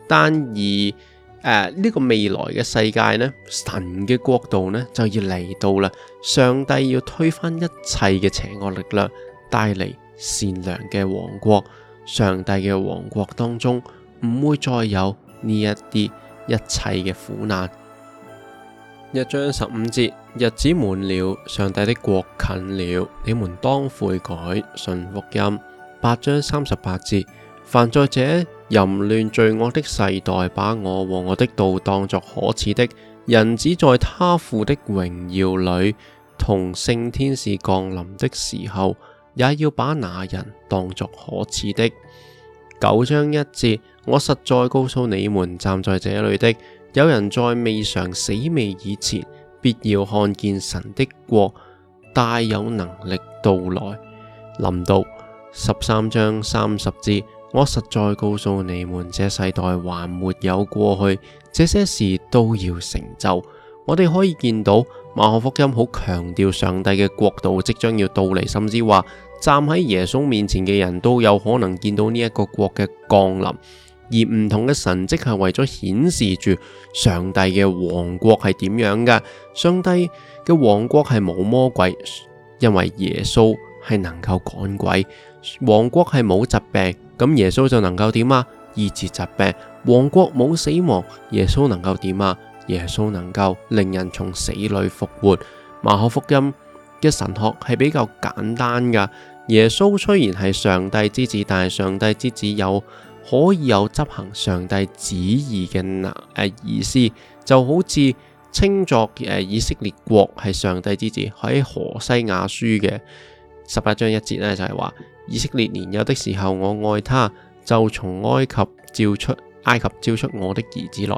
但而誒呢個未來嘅世界呢，神嘅國度呢，就要嚟到啦。上帝要推翻一切嘅邪惡力量。帶嚟善良嘅王國，上帝嘅王國當中唔會再有呢一啲一切嘅苦難。一章十五節，日子滿了，上帝的國近了，你們當悔改，信福音。八章三十八節，凡在這淫亂罪惡的世代，把我和我的道當作可恥的，人子在他父的榮耀裏同聖天使降臨的時候，也要把那人當作可恥的。九章一節，我實在告訴你們，站在這裏的有人在未嘗死未以前，必要看見神的國大有能力到來臨到。十三章三十節，我實在告訴你們，這世代還沒有過去，這些事都要成就。我哋可以見到馬可福音好強調上帝嘅國度即將要到嚟，甚至話。站喺耶穌面前嘅人都有可能見到呢一個國嘅降臨，而唔同嘅神迹係為咗顯示住上帝嘅王國係點樣嘅。上帝嘅王國係冇魔鬼，因為耶穌係能夠趕鬼；王國係冇疾病，咁耶穌就能夠點啊？醫治疾病；王國冇死亡，耶穌能夠點啊？耶穌能夠令人從死裏復活。馬可福音。嘅神學係比較簡單噶。耶穌雖然係上帝之子，但係上帝之子有可以有執行上帝旨意嘅誒，意思，就好似稱作以色列國係上帝之子，喺何西雅書嘅十一章一節呢，就係話以色列年幼的時候，我愛他，就從埃及召出埃及召出我的兒子來。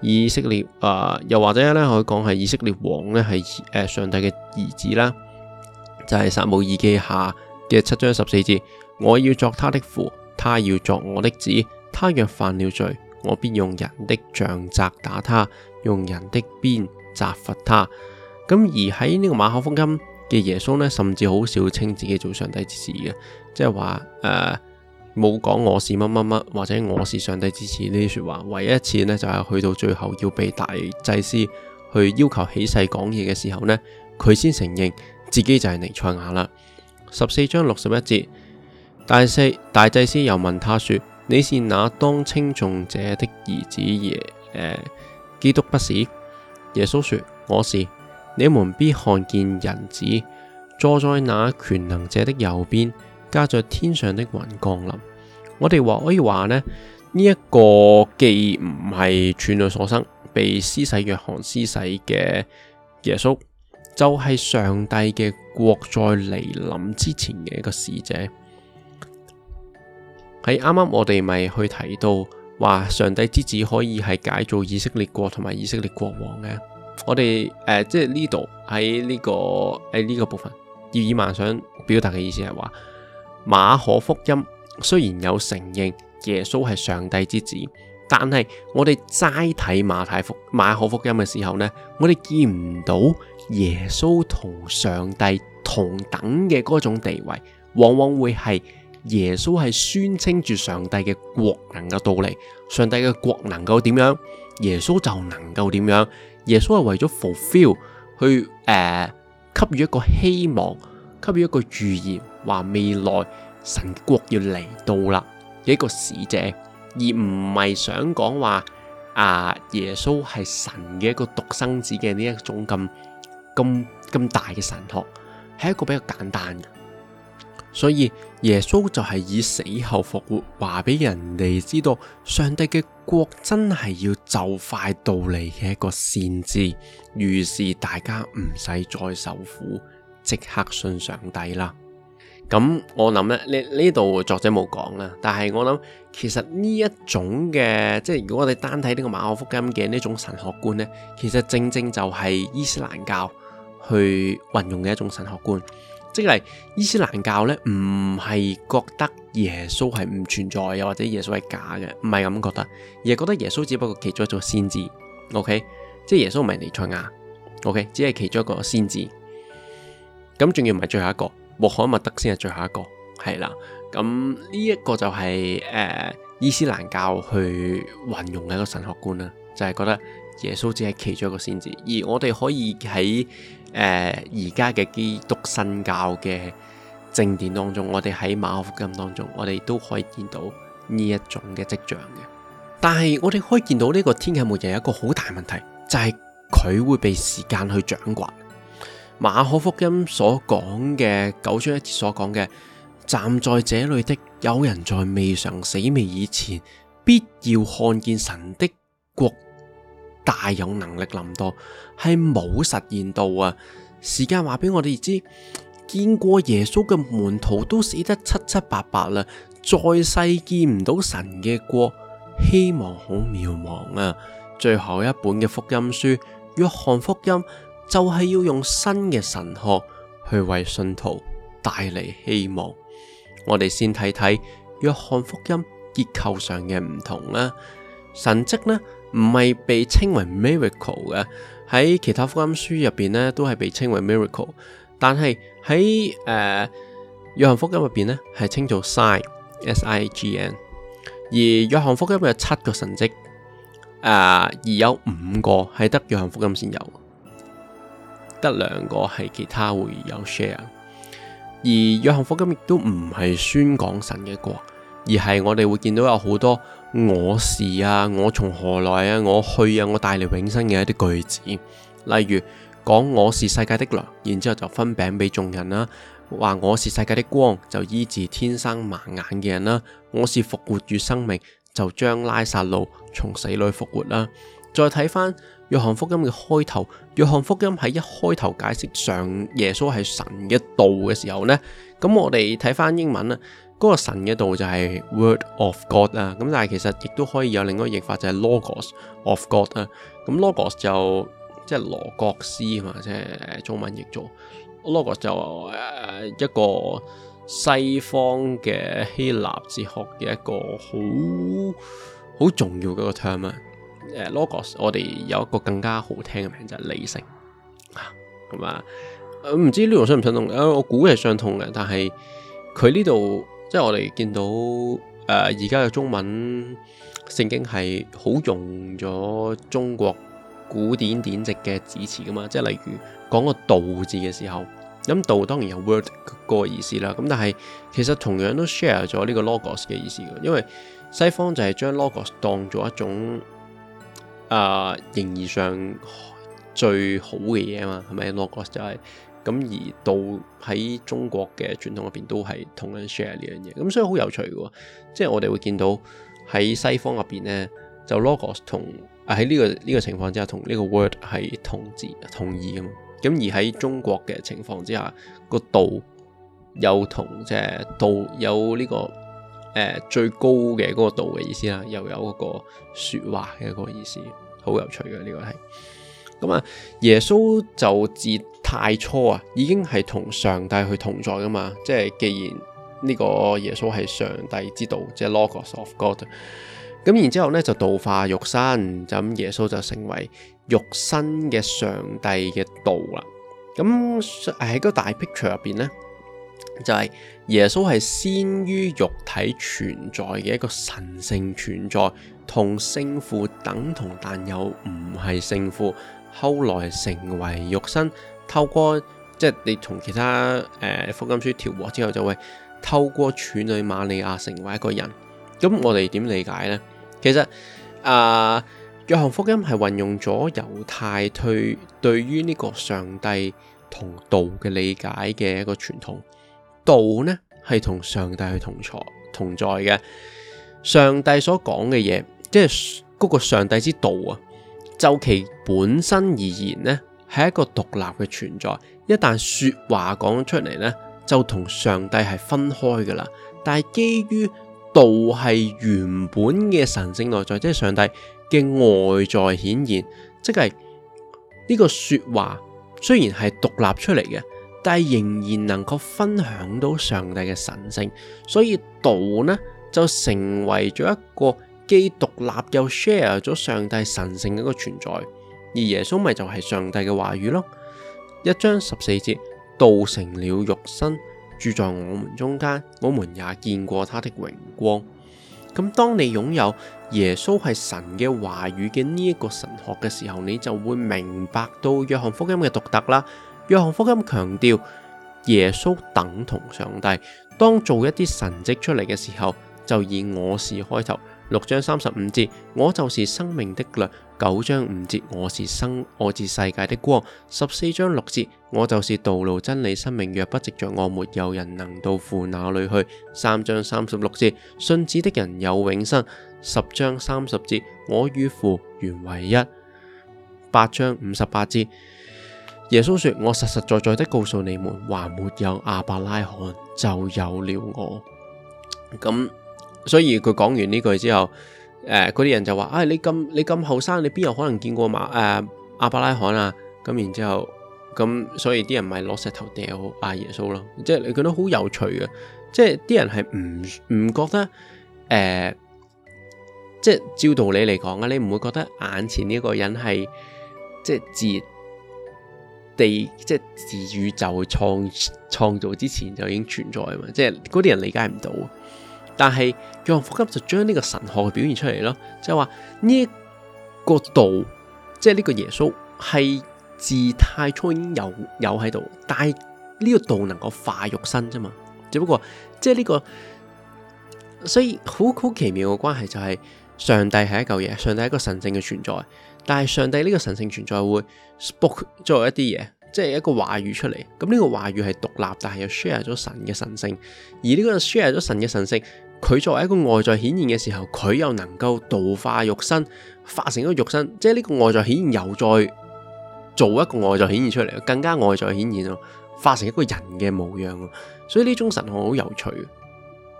以色列啊、呃，又或者咧，可以講係以色列王咧，係、呃、上帝嘅兒子啦。就係撒母耳記下嘅七章十四節，我要作他的父，他要作我的子，他若犯了罪，我必用人的杖責打他，用人的鞭責罰他。咁、呃、而喺呢、這個馬可福音嘅耶穌呢，甚至好少稱自己做上帝之子嘅，即係話誒。呃冇講我是乜乜乜或者我是上帝支持呢啲說話，唯一一次呢，就係去到最後要被大祭司去要求起誓講嘢嘅時候呢，佢先承認自己就係尼賽亞啦。十四章六十一節，大四大祭司又問他說：你是那當稱頌者的兒子耶？誒，基督不是？耶穌說：我是。你們必看見人子坐在那權能者的右邊，加着天上的雲降臨。我哋話可以話呢呢一、這個既唔係處女所生，被施洗約翰施洗嘅耶穌，就係、是、上帝嘅國在嚟臨之前嘅一個使者。喺啱啱我哋咪去睇到話，上帝之子可以係解做以色列國同埋以色列國王嘅。我哋誒、呃，即係呢度喺呢個誒呢個部分，葉爾曼想表達嘅意思係話馬可福音。雖然有承認耶穌係上帝之子，但係我哋齋睇馬太福馬可福音嘅時候呢，我哋見唔到耶穌同上帝同等嘅嗰種地位，往往會係耶穌係宣稱住上帝嘅國能嘅到嚟，上帝嘅國能夠點樣，耶穌就能夠點樣，耶穌係為咗 fulfill 去誒、uh, 給予一個希望，給予一個預言，話未來。神國要嚟到啦，一個使者，而唔係想講話啊耶穌係神嘅一個獨生子嘅呢一種咁咁咁大嘅神學，係一個比較簡單嘅。所以耶穌就係以死後復活話俾人哋知道，上帝嘅國真係要就快到嚟嘅一個先知，於是大家唔使再受苦，即刻信上帝啦。咁、嗯、我諗咧，呢呢度作者冇講啦，但係我諗其實呢一種嘅，即係如果我哋單睇呢個馬可福音嘅呢種神學觀呢，其實正正就係伊斯蘭教去運用嘅一種神學觀，即係伊斯蘭教呢唔係覺得耶穌係唔存在又或者耶穌係假嘅，唔係咁覺得，而係覺得耶穌只不過其中一個先知，OK，即係耶穌唔係尼塞亞，OK，只係其中一個先知，咁、OK? 仲、OK? 要唔係最後一個。穆罕默德先係最後一個，係啦，咁呢一個就係、是、誒、呃、伊斯蘭教去運用嘅一個神學觀啦，就係、是、覺得耶穌只係其中一個先知，而我哋可以喺誒而家嘅基督新教嘅正典當中，我哋喺馬可福音當中，我哋都可以見到呢一種嘅跡象嘅。但係我哋可以見到呢個天啟末日有一個好大問題，就係、是、佢會被時間去掌摑。馬可福音所講嘅九章一節所講嘅，站在這裏的有人在未嘗死未以前，必要看見神的國大有能力臨到，係冇實現到啊！時間話俾我哋知，見過耶穌嘅門徒都死得七七八八啦，再世見唔到神嘅國，希望好渺茫啊！最後一本嘅福音書，約翰福音。就係要用新嘅神學去為信徒帶嚟希望。我哋先睇睇約翰福音結構上嘅唔同啦。神蹟呢唔係被稱為 miracle 嘅，喺其他福音書入邊呢都係被稱為 miracle，但係喺誒約翰福音入邊呢係稱做 sign, s i g n。而約翰福音有七個神蹟，誒、呃、而有五個係得約翰福音先有。得兩個係其他會有 share，而約翰福音亦都唔係宣講神嘅國，而係我哋會見到有好多我是啊，我從何來啊，我去啊，我帶嚟永生嘅一啲句子，例如講我是世界的糧，然之後就分餅俾眾人啦；話我是世界的光，就醫治天生盲眼嘅人啦；我是復活與生命，就將拉撒路從死裏復活啦。再睇返。約翰福音嘅開頭，約翰福音喺一開頭解釋上耶穌係神嘅道嘅時候呢。咁我哋睇返英文啊，嗰、那個神嘅道就係 Word of God 啊，咁但係其實亦都可以有另一個譯法就係 Logos of God 啊，咁 Logos 就即、是、係邏各斯嘛，即、就、係、是、中文譯做 Logos 就一個西方嘅希臘哲學嘅一個好好重要嘅一個 term 啊。Uh, logos，我哋有一個更加好聽嘅名就係、是、理性，係、啊、嘛？唔、嗯、知呢個相唔相通、呃？我估係相通嘅，但係佢呢度即係我哋見到誒而家嘅中文聖經係好用咗中國古典典籍嘅字詞噶嘛？即係例如講個道字嘅時候，咁、嗯、道當然有 word 個意思啦。咁但係其實同樣都 share 咗呢個 logos 嘅意思嘅，因為西方就係將 logos 當做一種。啊，形而上最好嘅嘢啊嘛，係咪？Logos 就係、是、咁，而道喺中國嘅傳統入邊都係同樣 share 呢樣嘢，咁、嗯、所以好有趣嘅、哦。即係我哋會見到喺西方入邊咧，就 Logos 同喺呢、啊這個呢、這個情況之下同呢、這個 word 係同字同義嘅嘛。咁、嗯、而喺中國嘅情況之下，個道又同即係道有呢、就是這個。誒，最高嘅嗰、那個道嘅意思啦，又有嗰個說話嘅嗰個意思，好有趣嘅呢、這個係。咁啊，耶穌就自太初啊，已經係同上帝去同在噶嘛。即係既然呢個耶穌係上帝之道，即係 Logos of God。咁然之後咧，就道化肉身，咁耶穌就成為肉身嘅上帝嘅道啦。咁喺嗰個大 picture 入邊咧，就係耶穌係先於肉體存在嘅一個神聖存在，同聖父等同，但又唔係聖父，後來成為肉身。透過即係、就是、你同其他誒福音書調和之後、就是，就會透過處女瑪利亞成為一個人。咁我哋點理解呢？其實啊，約、呃、約翰福音係運用咗猶太對對於呢個上帝同道嘅理解嘅一個傳統。道呢係同上帝係同在同在嘅，上帝所講嘅嘢，即係嗰個上帝之道啊，就其本身而言呢，係一個獨立嘅存在。一旦說話講出嚟呢，就同上帝係分開噶啦。但係基於道係原本嘅神聖內在，即係上帝嘅外在顯現，即係呢個說話雖然係獨立出嚟嘅。但係仍然能夠分享到上帝嘅神性，所以道呢就成為咗一個既獨立又 share 咗上帝神性嘅一個存在。而耶穌咪就係上帝嘅話語咯。一章十四節，道成了肉身，住在我們中間，我們也見過他的榮光。咁當你擁有耶穌係神嘅話語嘅呢一個神學嘅時候，你就會明白到約翰福音嘅獨特啦。約翰福音強調耶穌等同上帝，當做一啲神迹出嚟嘅時候，就以我是開頭。六章三十五節，我就是生命的糧；九章五節，我是生，我自世界的光；十四章六節，我就是道路、真理、生命。若不藉著我，沒有人能到父那裏去。三章三十六節，信子的人有永生；十章三十節，我與父原為一；八章五十八節。耶穌說我實實在在地告訴你們，還沒有亞伯拉罕就有了我。咁所以佢講完呢句之後，誒嗰啲人就話：啊你咁你咁後生，你邊有可能見過馬誒呃、亞伯拉罕啊？咁然之後，咁所以啲人咪攞石頭掟阿、啊、耶穌咯。即係你覺得好有趣嘅，即係啲人係唔唔覺得，誒、呃，即係照道理嚟講啊，你唔會覺得眼前呢個人係即係自？地即係自宇宙創創造之前就已經存在啊嘛，即係嗰啲人理解唔到，但係約翰福音就將呢個神學表現出嚟咯，即係話呢個道，即係呢個耶穌係自太初已經有有喺度，但係呢個道能夠化肉身啫嘛，只不過即係呢個，所以好好奇妙嘅關係就係上帝係一嚿嘢，上帝係一個神聖嘅存在，但係上帝呢個神聖存在會 book 作為一啲嘢，即係一個話語出嚟。咁呢個話語係獨立，但係又 share 咗神嘅神性。而呢個 share 咗神嘅神性，佢作為一個外在顯現嘅時候，佢又能夠道化肉身，化成一個肉身。即係呢個外在顯現又再做一個外在顯現出嚟，更加外在顯現咯，化成一個人嘅模樣。所以呢種神好有趣。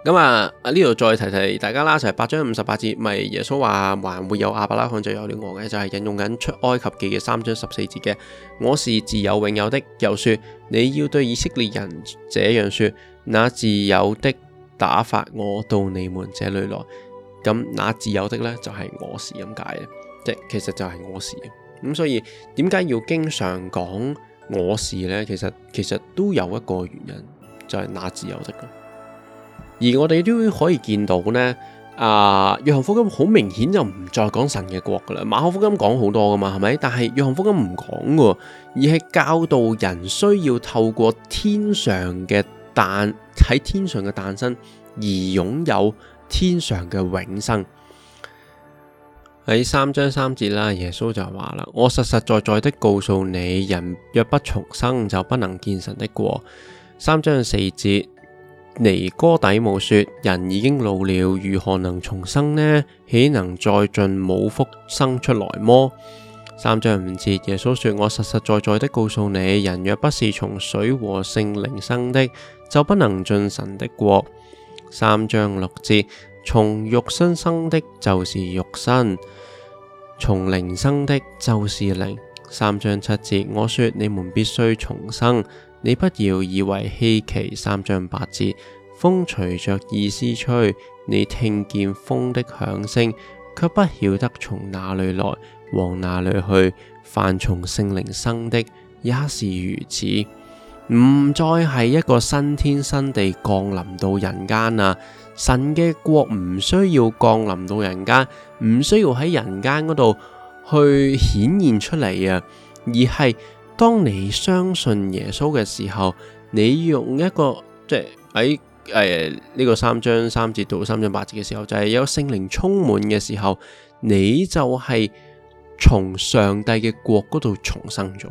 咁啊！呢度、嗯、再提提大家啦，就係、是、八章五十八節，咪耶穌話，還會有亞伯拉罕就有了我嘅，就係、是、引用緊出埃及記嘅三章十四節嘅，我是自有永有的。又說你要對以色列人這樣說，那自有的打發我到你們這裏來。咁、嗯、那自有的呢，就係、是、我是咁解嘅，即其實就係我是。咁、嗯、所以點解要經常講我是呢？其實其實都有一個原因，就係、是、那自有的。而我哋都可以見到呢啊，約翰福音好明顯就唔再講神嘅國噶啦。馬可福音講好多噶嘛，係咪？但係約翰福音唔講嘅，而係教導人需要透過天上嘅誕喺天上嘅誕生而擁有天上嘅永生。喺三章三節啦，耶穌就話啦：我實實在在的告訴你，人若不重生就不能見神的國。三章四節。尼哥底母說：人已經老了，如何能重生呢？豈能再進母腹生出來麼？三章五節，耶穌說我實實在在的告訴你：人若不是從水和聖靈生的，就不能進神的國。三章六節，從肉身生的就是肉身，從靈生的就是靈。三章七節，我說你們必須重生。你不要以為稀奇，三章八節，風隨着意思吹，你聽見風的響聲，卻不曉得從哪裏來，往哪裏去。凡從聖靈生的，也是如此。唔、嗯、再係一個新天新地降臨到人間啊！神嘅國唔需要降臨到人間，唔需要喺人間嗰度去顯現出嚟啊，而係。當你相信耶穌嘅時候，你用一個即係喺誒呢個三章三節到三章八節嘅時候，就係有聖靈充滿嘅時候，你就係從上帝嘅國嗰度重生咗，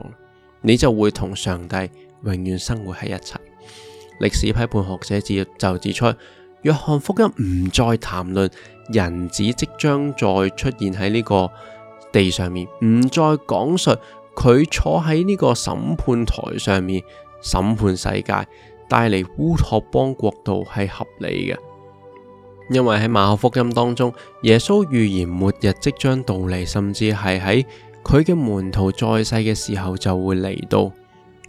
你就會同上帝永遠生活喺一齊。歷史批判學者就指出，約翰福音唔再談論人子即將再出現喺呢個地上面，唔再講述。佢坐喺呢個審判台上面審判世界，帶嚟烏托邦國度係合理嘅，因為喺馬可福音當中，耶穌預言末日即將到嚟，甚至係喺佢嘅門徒在世嘅時候就會嚟到。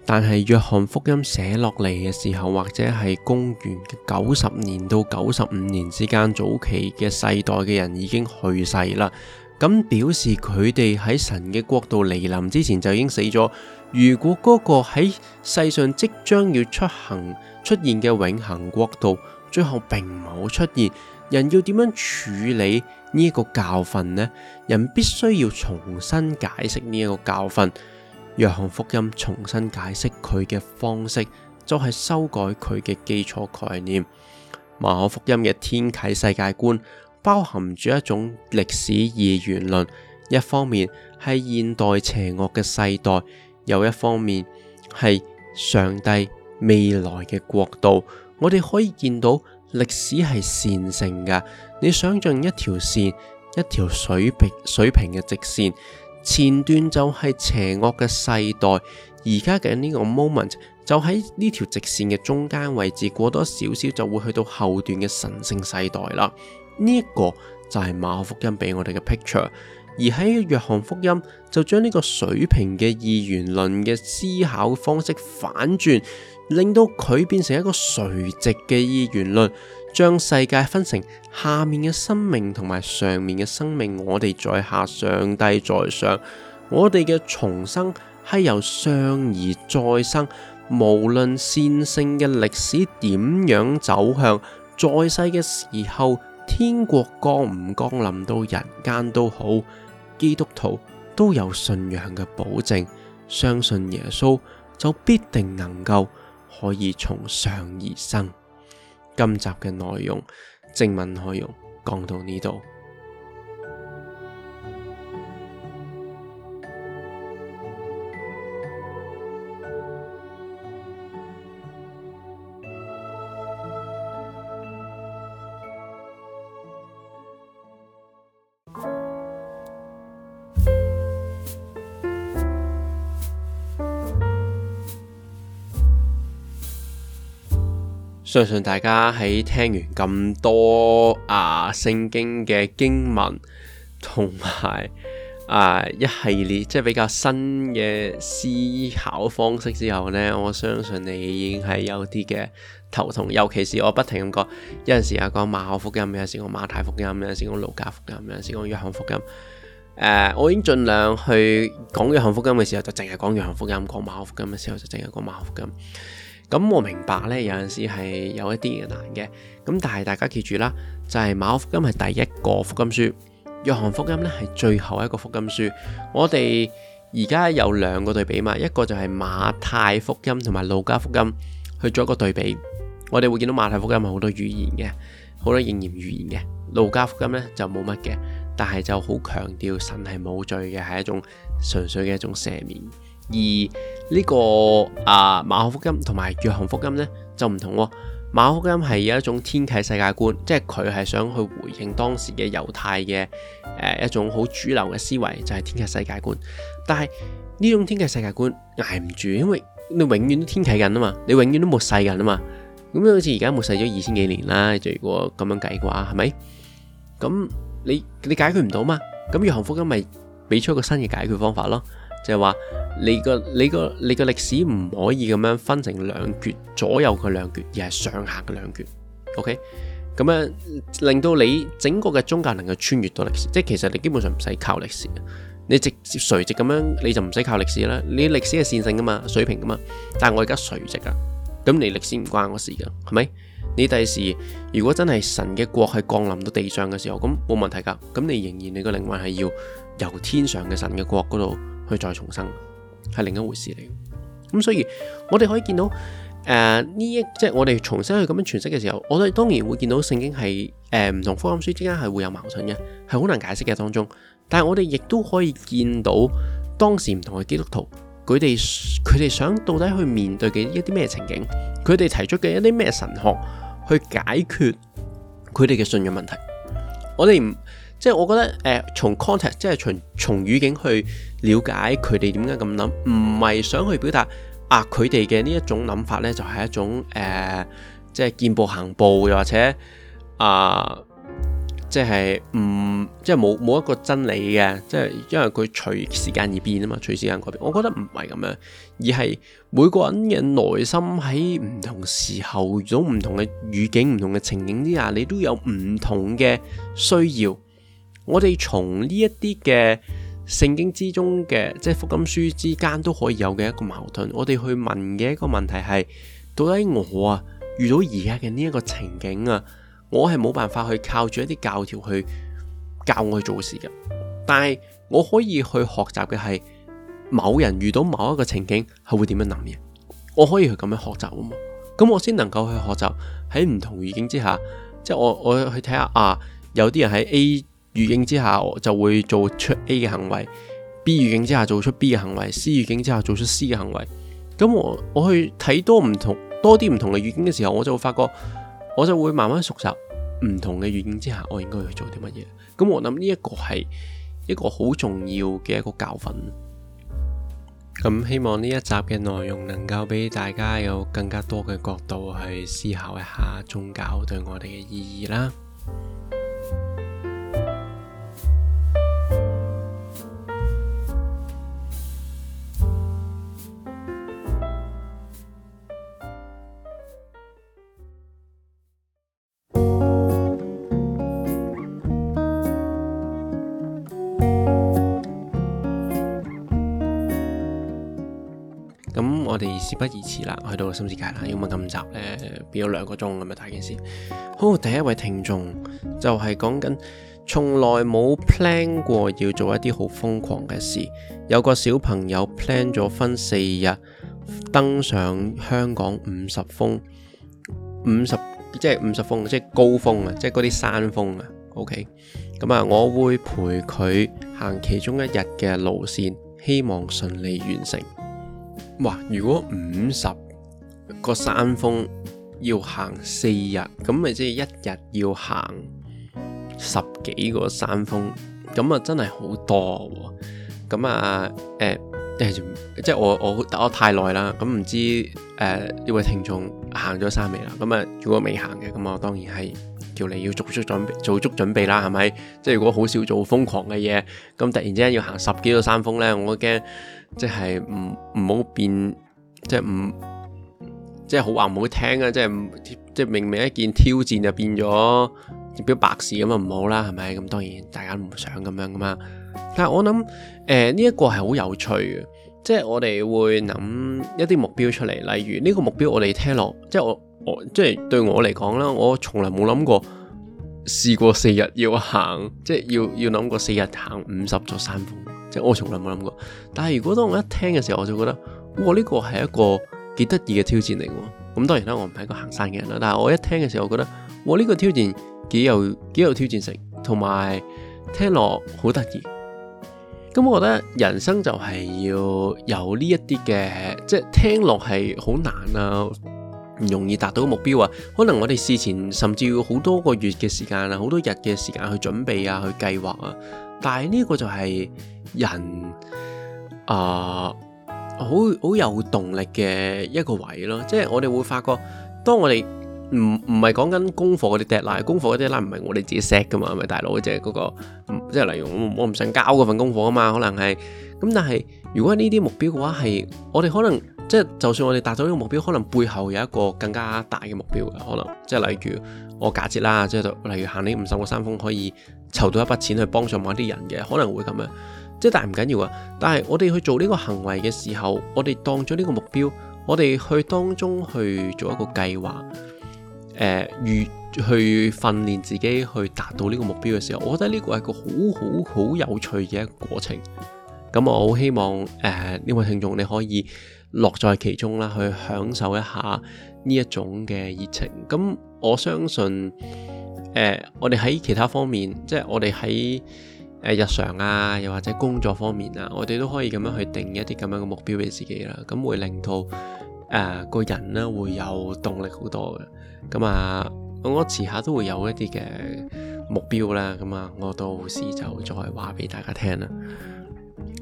但係約翰福音寫落嚟嘅時候，或者係公元嘅九十年到九十五年之間，早期嘅世代嘅人已經去世啦。咁表示佢哋喺神嘅國度來臨之前就已經死咗。如果嗰個喺世上即將要出行出現嘅永恆國度，最後並冇出現，人要點樣處理呢一個教訓呢？人必須要重新解釋呢一個教訓。約翰福音重新解釋佢嘅方式，就係修改佢嘅基礎概念。馬可福音嘅天啟世界觀。包含住一種歷史二元論，一方面係現代邪惡嘅世代，又一方面係上帝未來嘅國度。我哋可以見到歷史係線性噶你想象一條線，一條水平水平嘅直線，前段就係邪惡嘅世代，而家嘅呢個 moment 就喺呢條直線嘅中間位置，過多少少就會去到後段嘅神聖世代啦。呢一個就係馬可福音俾我哋嘅 picture，而喺約翰福音就將呢個水平嘅二元論嘅思考方式反轉，令到佢變成一個垂直嘅二元論，將世界分成下面嘅生命同埋上面嘅生命。我哋在下，上帝在上。我哋嘅重生係由上而再生，無論線性嘅歷史點樣走向，在世嘅時候。天國降唔降臨到人間都好，基督徒都有信仰嘅保證，相信耶穌就必定能夠可以從上而生。今集嘅內容正文內容講到呢度。相信大家喺聽完咁多啊聖經嘅經文，同埋啊一系列即係比較新嘅思考方式之後呢，我相信你已經係有啲嘅頭痛，尤其是我不停咁講，有陣時啊講馬可福音，有陣時講馬太福音，有陣時講路加福音，有陣時講約翰福音，呃。我已經盡量去講約翰福音嘅時候就淨係講約翰福音，講馬可福音嘅時候就淨係講馬可福音。咁我明白咧，有陣時係有一啲嘅難嘅。咁但係大家記住啦，就係馬可福音係第一個福音書，約翰福音咧係最後一個福音書。我哋而家有兩個對比嘛，一個就係馬太福音同埋路加福音去做一個對比。我哋會見到馬太福音係好多語言嘅，好多應驗語言嘅，路加福音咧就冇乜嘅，但係就好強調神係冇罪嘅，係一種純粹嘅一種赦免。而呢、這個啊，馬可福音同埋約翰福音呢，就唔同，馬可福音係有一種天啟世界觀，即係佢係想去回應當時嘅猶太嘅誒、呃、一種好主流嘅思維，就係、是、天啟世界觀。但係呢種天啟世界觀捱唔住，因為你永遠都天啟緊啊嘛，你永遠都末世緊啊嘛，咁好似而家末世咗二千幾年啦，就如果咁樣計嘅話，係咪？咁你你解決唔到嘛？咁約翰福音咪俾出一個新嘅解決方法咯。就係話，你個你個你個歷史唔可以咁樣分成兩段左右嘅兩段，而係上下嘅兩段。OK，咁樣令到你整個嘅宗教能夠穿越到歷史，即係其實你基本上唔使靠歷史啊。你直接垂直咁樣你就唔使靠歷史啦。你歷史係線性噶嘛，水平噶嘛。但係我而家垂直啊，咁你歷史唔關我事噶，係咪？你第時如果真係神嘅國係降臨到地上嘅時候，咁冇問題㗎。咁你仍然你個靈魂係要由天上嘅神嘅國嗰度。去再重生，係另一回事嚟。咁，所以我哋可以見到誒呢一即係我哋重新去咁樣詮釋嘅時候，我哋當然會見到聖經係誒唔同福音書，之間係會有矛盾嘅，係好難解釋嘅當中。但係我哋亦都可以見到當時唔同嘅基督徒，佢哋佢哋想到底去面對嘅一啲咩情景，佢哋提出嘅一啲咩神學去解決佢哋嘅信仰問題。我哋唔即係我覺得誒、呃，從 context 即係從從語境去。了解佢哋點解咁諗，唔係想去表達啊，佢哋嘅呢一種諗法呢，就係一種誒，即係見步行步，又或者啊，即係唔即係冇冇一個真理嘅，即係因為佢隨時間而變啊嘛，隨時間改變。我覺得唔係咁樣，而係每個人嘅內心喺唔同時候、種唔同嘅語境、唔同嘅情景之下，你都有唔同嘅需要。我哋從呢一啲嘅聖經之中嘅即係福音書之間都可以有嘅一個矛盾，我哋去問嘅一個問題係，到底我啊遇到而家嘅呢一個情景啊，我係冇辦法去靠住一啲教條去教我去做事嘅，但係我可以去學習嘅係，某人遇到某一個情景係會點樣諗嘅，我可以去咁樣學習啊嘛，咁我先能夠去學習，喺唔同語境之下，即係我我去睇下啊，有啲人喺 A。預警之下，我就會做出 A 嘅行為；B 預警之下做出 B 嘅行為；C 預警之下做出 C 嘅行為。咁我我去睇多唔同多啲唔同嘅預警嘅時候，我就會發覺，我就會慢慢熟習唔同嘅預警之下，我應該去做啲乜嘢。咁我諗呢一個係一個好重要嘅一個教訓。咁希望呢一集嘅內容能夠俾大家有更加多嘅角度去思考一下宗教對我哋嘅意義啦。咁我哋事不宜遲啦，去到新世界啦，因為咁雜呢，變咗兩個鐘，咁啊，大件事。好，第一位聽眾就係講緊從來冇 plan 過要做一啲好瘋狂嘅事，有個小朋友 plan 咗分四日登上香港五十峰，五十即係五十峰，即係高峰啊，即係嗰啲山峰啊。OK，咁啊，我會陪佢行其中一日嘅路線，希望順利完成。哇！如果五十個山峰要行四日，咁咪即係一日要行十幾個山峰，咁啊真係好多喎！哦！咁啊，誒、呃就是、即係我我打咗太耐啦，咁唔知誒呢、呃、位聽眾行咗山未啦？咁啊，如果未行嘅，咁我當然係。叫你要做足準備做足準備啦，係咪？即係如果好少做瘋狂嘅嘢，咁突然之間要行十幾個山峰咧，我驚即係唔唔好變，即係唔即係好話唔好聽啊！即係即係明明一件挑戰就變咗變咗白事咁啊，唔好啦，係咪？咁當然大家唔想咁樣噶嘛。但係我諗誒，呢一個係好有趣嘅，即係我哋會諗一啲目標出嚟，例如呢個目標我哋聽落，即係我。我即係對我嚟講啦，我從來冇諗過試過四日要行，即係要要諗過四日行五十座山峰，即係我從來冇諗過。但係如果當我一聽嘅時候，我就覺得哇，呢、呢個係一個幾得意嘅挑戰嚟嘅。咁、嗯、當然啦，我唔係一個行山嘅人啦。但係我一聽嘅時候，我覺得哇，呢、呢個挑戰幾有幾有挑戰性，同埋聽落好得意。咁、嗯、我覺得人生就係要有呢一啲嘅，即係聽落係好難啊。唔容易達到目標啊！可能我哋事前甚至要好多個月嘅時間啊，好多日嘅時間去準備啊，去計劃啊。但係呢個就係人啊，好、呃、好有動力嘅一個位咯。即係我哋會發覺，當我哋唔唔係講緊功課嗰啲 deadline 啦，功課嗰啲 deadline 唔係我哋自己 set 噶嘛，咪大佬即係嗰個，即係例如我唔想交嗰份功課啊嘛，可能係咁。但係如果係呢啲目標嘅話，係我哋可能。即係，就算我哋達到呢個目標，可能背後有一個更加大嘅目標嘅，可能即係例如我假設啦，即係例如行呢五十個山峰，可以籌到一筆錢去幫助某啲人嘅，可能會咁樣。即係，但係唔緊要啊。但係我哋去做呢個行為嘅時候，我哋當咗呢個目標，我哋去當中去做一個計劃，誒、呃，預去訓練自己去達到呢個目標嘅時候，我覺得呢個係一個好好好有趣嘅一個過程。咁我好希望誒呢、呃、位聽眾你可以，樂在其中啦，去享受一下呢一種嘅熱情。咁我相信，誒、呃，我哋喺其他方面，即係我哋喺誒日常啊，又或者工作方面啊，我哋都可以咁樣去定一啲咁樣嘅目標俾自己啦。咁會令到誒、呃、個人咧會有動力好多嘅。咁啊，我遲下都會有一啲嘅目標啦。咁啊，我到時就再話俾大家聽啦。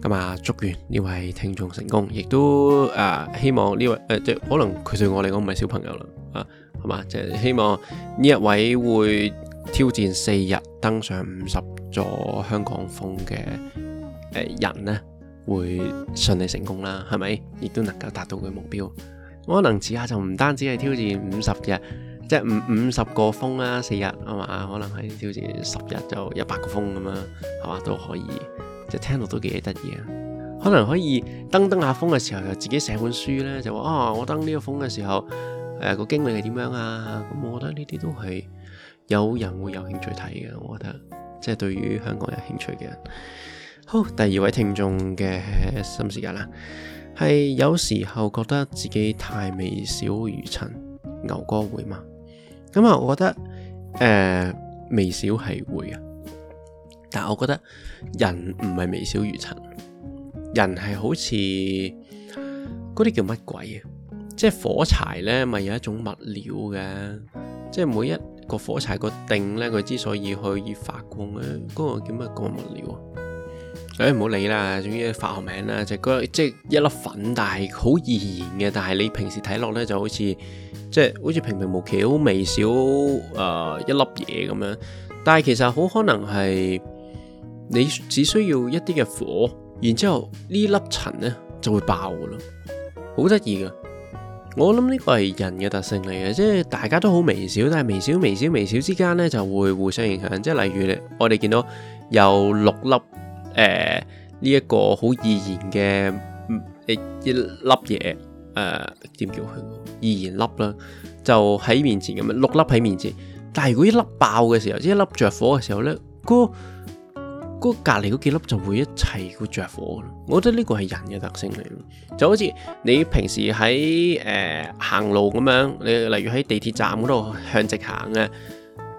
咁啊，祝願呢位聽眾成功，亦都啊、呃，希望呢位誒、呃，即可能佢對我嚟講唔係小朋友啦，啊，係嘛，即係希望呢一位會挑戰四日登上五十座香港峰嘅誒人呢，會順利成功啦，係咪？亦都能夠達到佢目標。可能遲下就唔單止係挑戰五十日，即係五五十個峰啦、啊，四日係嘛？可能係挑戰十日就一百個峰咁樣，係嘛都可以。即係聽到都幾得意啊！可能可以登登下峰嘅時候，又自己寫本書呢，就話啊，我登呢個峰嘅時候，誒、呃，個經歷係點樣啊？咁我覺得呢啲都係有人會有興趣睇嘅。我覺得即係、就是、對於香港人有興趣嘅人，好，第二位聽眾嘅心事啦，係有時候覺得自己太微小如塵，牛哥會嘛？咁啊，我覺得誒、呃，微小係會啊。但係我覺得人唔係微小如塵，人係好似嗰啲叫乜鬼啊？即係火柴咧，咪有一種物料嘅，即係每一個火柴個頂咧，佢之所以可以發光咧，嗰、嗰個叫乜個物料啊？誒，唔好理啦，總之化學名啦，就嗰即係一粒粉，但係好易燃嘅。但係你平時睇落咧，就是、好似即係好似平平無奇，好微小誒、呃、一粒嘢咁樣。但係其實好可能係。你只需要一啲嘅火，然之後呢粒塵咧就會爆噶咯，好得意噶。我諗呢個係人嘅特性嚟嘅，即係大家都好微小，但係微小、微小、微小之間咧就會互相影響。即係例如呢我哋見到有六粒誒呢一個好易燃嘅嗯、呃、一粒嘢誒點叫佢易燃粒啦，就喺面前咁樣六粒喺面前。但係如果一粒爆嘅時候，即一粒着火嘅時候咧，嗰隔籬嗰幾粒就會一齊，會着火。我覺得呢個係人嘅特性嚟，就好似你平時喺，誒、呃、行路咁樣，你例如喺地鐵站嗰度向直行嘅，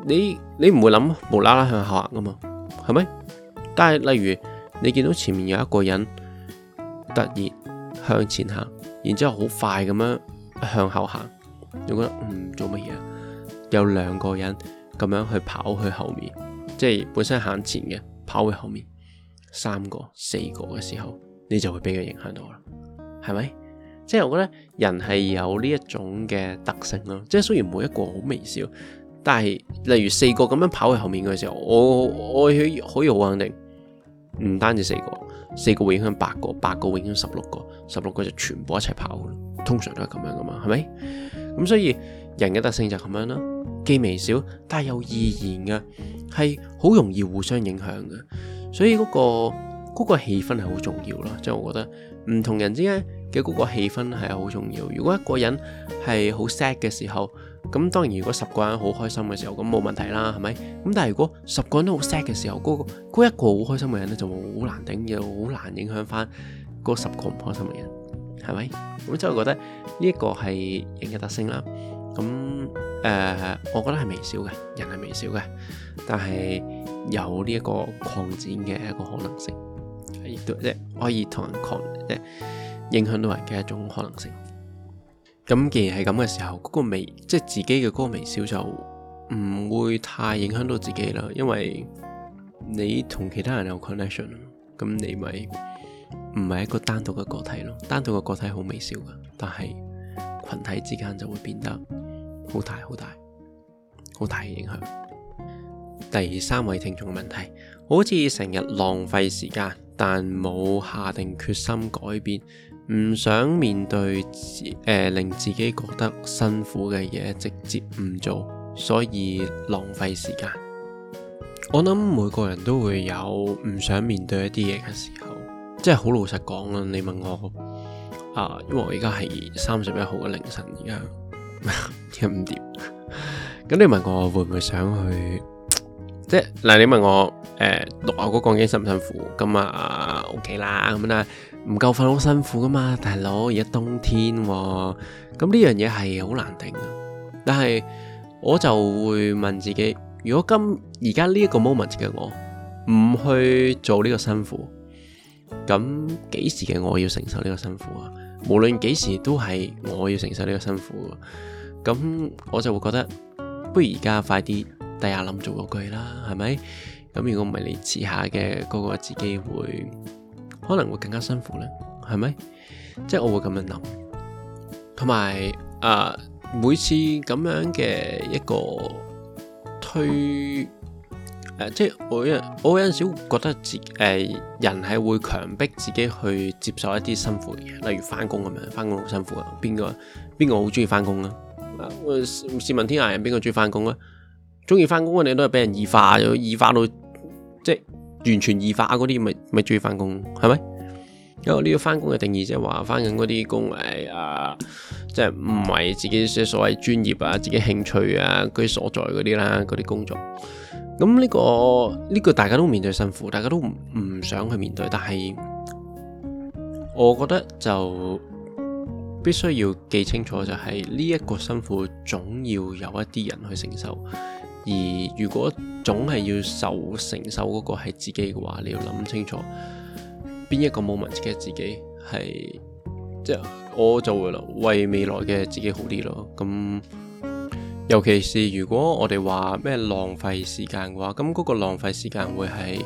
你你唔會諗無啦啦向後行噶嘛，係咪？但係例如你見到前面有一個人突然向前行，然之後好快咁樣向後行，你覺得嗯做乜嘢啊？有兩個人咁樣去跑去後面，即係本身行前嘅。跑去後面三個、四個嘅時候，你就會俾佢影響到啦，係咪？即係我覺得人係有呢一種嘅特性咯，即係雖然每一個好微小，但係例如四個咁樣跑去後面嘅時候，我我,我可以可以好肯定，唔單止四個，四個會影響八個，八個會影響十六個，十六個就全部一齊跑，通常都係咁樣噶嘛，係咪？咁所以人嘅特性就係咁樣咯。既微小但係有意念嘅，係好容易互相影響嘅，所以嗰個嗰個氣氛係好重要啦。即係我覺得唔同人之間嘅嗰個氣氛係好重要。如果一個人係好 sad 嘅時候，咁當然如果十個人好開心嘅時候，咁冇問題啦，係咪？咁但係如果十個人都好 sad 嘅時候，嗰個嗰一個好開心嘅人咧，就會好難頂，又好難影響翻嗰十個唔開心嘅人，係咪？咁即係我覺得呢一個係影嘅特性啦。咁誒、呃，我覺得係微小嘅，人係微小嘅，但係有呢一個擴展嘅一個可能性，亦都即係可以同人擴，即影響到人嘅一種可能性。咁既然係咁嘅時候，嗰、那個微，即係自己嘅嗰個微小就唔會太影響到自己啦，因為你同其他人有 connection，咁你咪唔係一個單獨嘅個體咯，單獨嘅個體好微小㗎，但係群體之間就會變得，好大，好大，好大影響。第三位聽眾嘅問題，好似成日浪費時間，但冇下定決心改變，唔想面對誒、呃、令自己覺得辛苦嘅嘢，直接唔做，所以浪費時間。我諗每個人都會有唔想面對一啲嘢嘅時候，即係好老實講啊。你問我啊、呃，因為我而家係三十一號嘅凌晨而家。 [LAUGHS] 又唔掂可，咁 [LAUGHS] 你問我會唔會想去？即係嗱，你問我誒，讀下嗰鋼琴辛唔辛苦？咁啊，O K 啦，咁啦，唔夠瞓好辛苦噶嘛，大佬。而家冬天，啊，咁呢樣嘢係好難定。但係我就會問自己：如果今而家呢一個 moment 嘅我唔去做呢個辛苦，咁幾時嘅我要承受呢個辛苦啊？無論幾時都係我要承受呢個辛苦，咁我就會覺得不如而家快啲低下諗做嗰句啦，係咪？咁如果唔係你遲下嘅，嗰個自己會可能會更加辛苦咧，係咪？即係我會咁樣諗，同埋啊，每次咁樣嘅一個推。嗯誒，即係我，我有我有陣時覺得自己誒、呃，人係會強迫自己去接受一啲辛苦嘅嘢，例如翻工咁樣，翻工好辛苦啊。邊個邊個好中意翻工啊？試、呃、問天下人邊個中意翻工啊？中意翻工嘅你都係俾人異化咗，異化到即係完全異化嗰啲，咪咪中意翻工係咪？因為呢個翻工嘅定義即係話翻緊嗰啲工，誒啊，即係唔係自己嘅所謂專業啊，自己興趣啊嗰啲所在嗰啲啦，嗰啲工作。咁呢、這個呢、這個大家都面對辛苦，大家都唔唔想去面對，但係我覺得就必須要記清楚，就係呢一個辛苦總要有一啲人去承受，而如果總係要受承受嗰個係自己嘅話，你要諗清楚邊一個 moment 嘅自己係，即、就、係、是、我就會咯，為未來嘅自己好啲咯，咁。尤其是如果我哋話咩浪費時間嘅話，咁嗰個浪費時間會係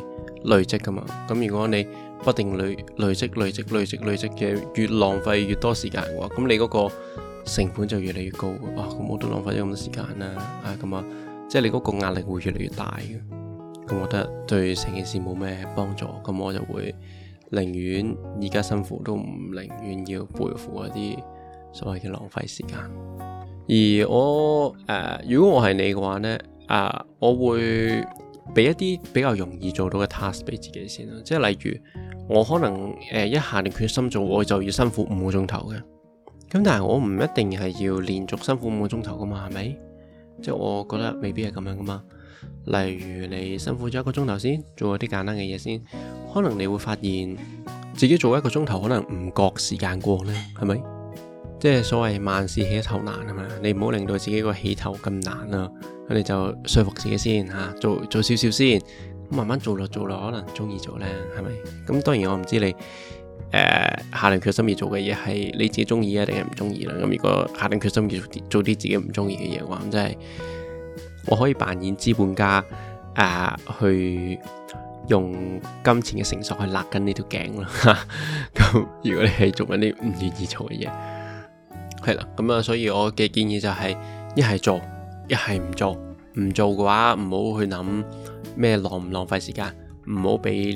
累積噶嘛？咁如果你不停累累積累積累積累積嘅越浪費越多時間嘅話，咁你嗰個成本就越嚟越高啊！哇，咁我都浪費咗咁多時間啦！啊，啊咁啊，即係你嗰個壓力會越嚟越大嘅。咁我覺得對成件事冇咩幫助，咁我就會寧願而家辛苦都唔寧願要背負一啲所謂嘅浪費時間。而我誒、呃，如果我係你嘅話呢，啊、呃，我會俾一啲比較容易做到嘅 task 俾自己先啦。即係例如，我可能誒一下定決心做，我就要辛苦五個鐘頭嘅。咁但係我唔一定係要連續辛苦五個鐘頭㗎嘛，係咪？即係我覺得未必係咁樣㗎嘛。例如你辛苦咗一個鐘頭先，做啲簡單嘅嘢先，可能你會發現自己做一個鐘頭可能唔覺時間過咧，係咪？即係所謂萬事起頭難啊嘛，你唔好令到自己個起頭咁難啊，我哋就說服自己先吓、啊，做做少少先，慢慢做落做落，可能中意做咧，係咪？咁當然我唔知你誒、呃、下定決心要做嘅嘢，係你自己中意啊定係唔中意啦。咁如果下定決心要做啲自己唔中意嘅嘢嘅話，咁即係我可以扮演資本家誒、呃、去用金錢嘅繩索去勒緊呢條頸咯。咁 [LAUGHS] 如果你係做緊啲唔願意做嘅嘢。係啦，咁啊，所以我嘅建議就係一係做，一係唔做。唔做嘅話，唔好去諗咩浪唔浪費時間，唔好俾呢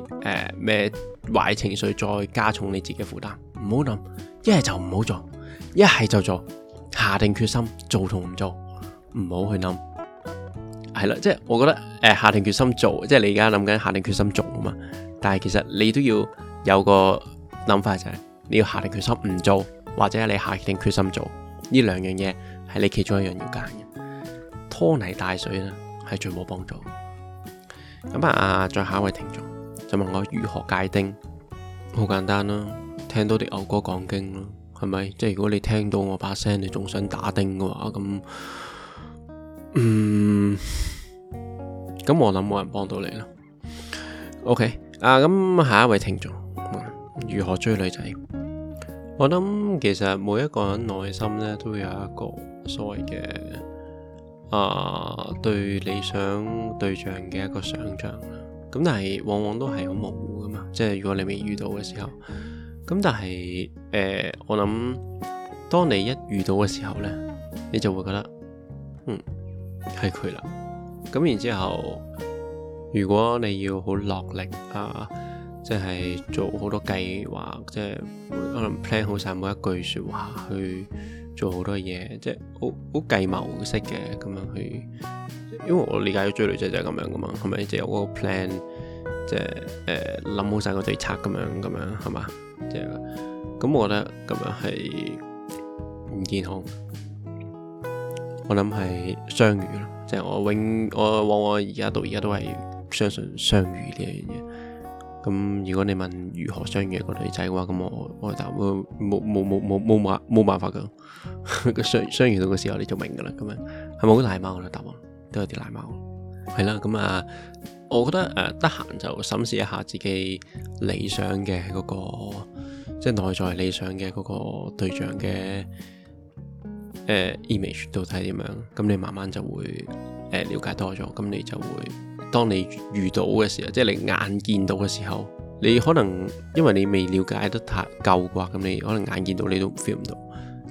啲誒咩壞情緒再加重你自己負擔。唔好諗，一係就唔好做，一係就做，下定決心做同唔做，唔好去諗。係啦，即係我覺得誒下定決心做，即係你而家諗緊下定決心做嘛。但係其實你都要有個諗法就係你要下定決心唔做。或者你下定決心做呢兩樣嘢，係你其中一樣要揀嘅。拖泥帶水啦，係最冇幫助。咁啊，再下一位聽眾就問我如何界定。好簡單咯，聽到啲牛哥講經咯，係咪？即係如果你聽到我把聲，你仲想打釘嘅話，咁嗯，咁我諗冇人幫到你啦。OK，啊，咁下一位聽眾，嗯，如何追女仔？我諗其實每一個人內心咧，都會有一個所謂嘅啊，對理想對象嘅一個想象，咁但係往往都係好模糊㗎嘛，即係如果你未遇到嘅時候，咁但係誒、呃、我諗當你一遇到嘅時候咧，你就會覺得嗯，係佢啦，咁然之後如果你要好落力啊。即係做好多計劃，即係可能 plan 好晒每一句說話，去做好多嘢，即係好好計謀式嘅咁樣去。因為我理解嘅追女仔就係咁樣噶嘛，係咪？即係有個 plan，即係誒諗好晒個對策咁樣咁樣，係嘛？即係咁，我覺得咁樣係唔健康。我諗係相遇咯，即係我永我往往而家到而家都係相信相遇呢樣嘢。咁如果你問如何相約個女仔嘅話，咁我我答冇冇冇冇冇冇冇辦法噶， [LAUGHS] 相相約到嘅時候你就明噶啦，咁樣係咪好奶貓啦？我嘅答案都有啲奶貓，係啦。咁 [NOISE] 啊，我覺得誒，得、呃、閒就審視一下自己理想嘅嗰、那個，即係內在理想嘅嗰個對象嘅誒、呃、image 到底點樣。咁你慢慢就會誒、呃、了解多咗，咁你就會。當你遇到嘅時候，即係你眼見到嘅時候，你可能因為你未了解得太夠啩，咁你可能眼見到你都 feel 唔到，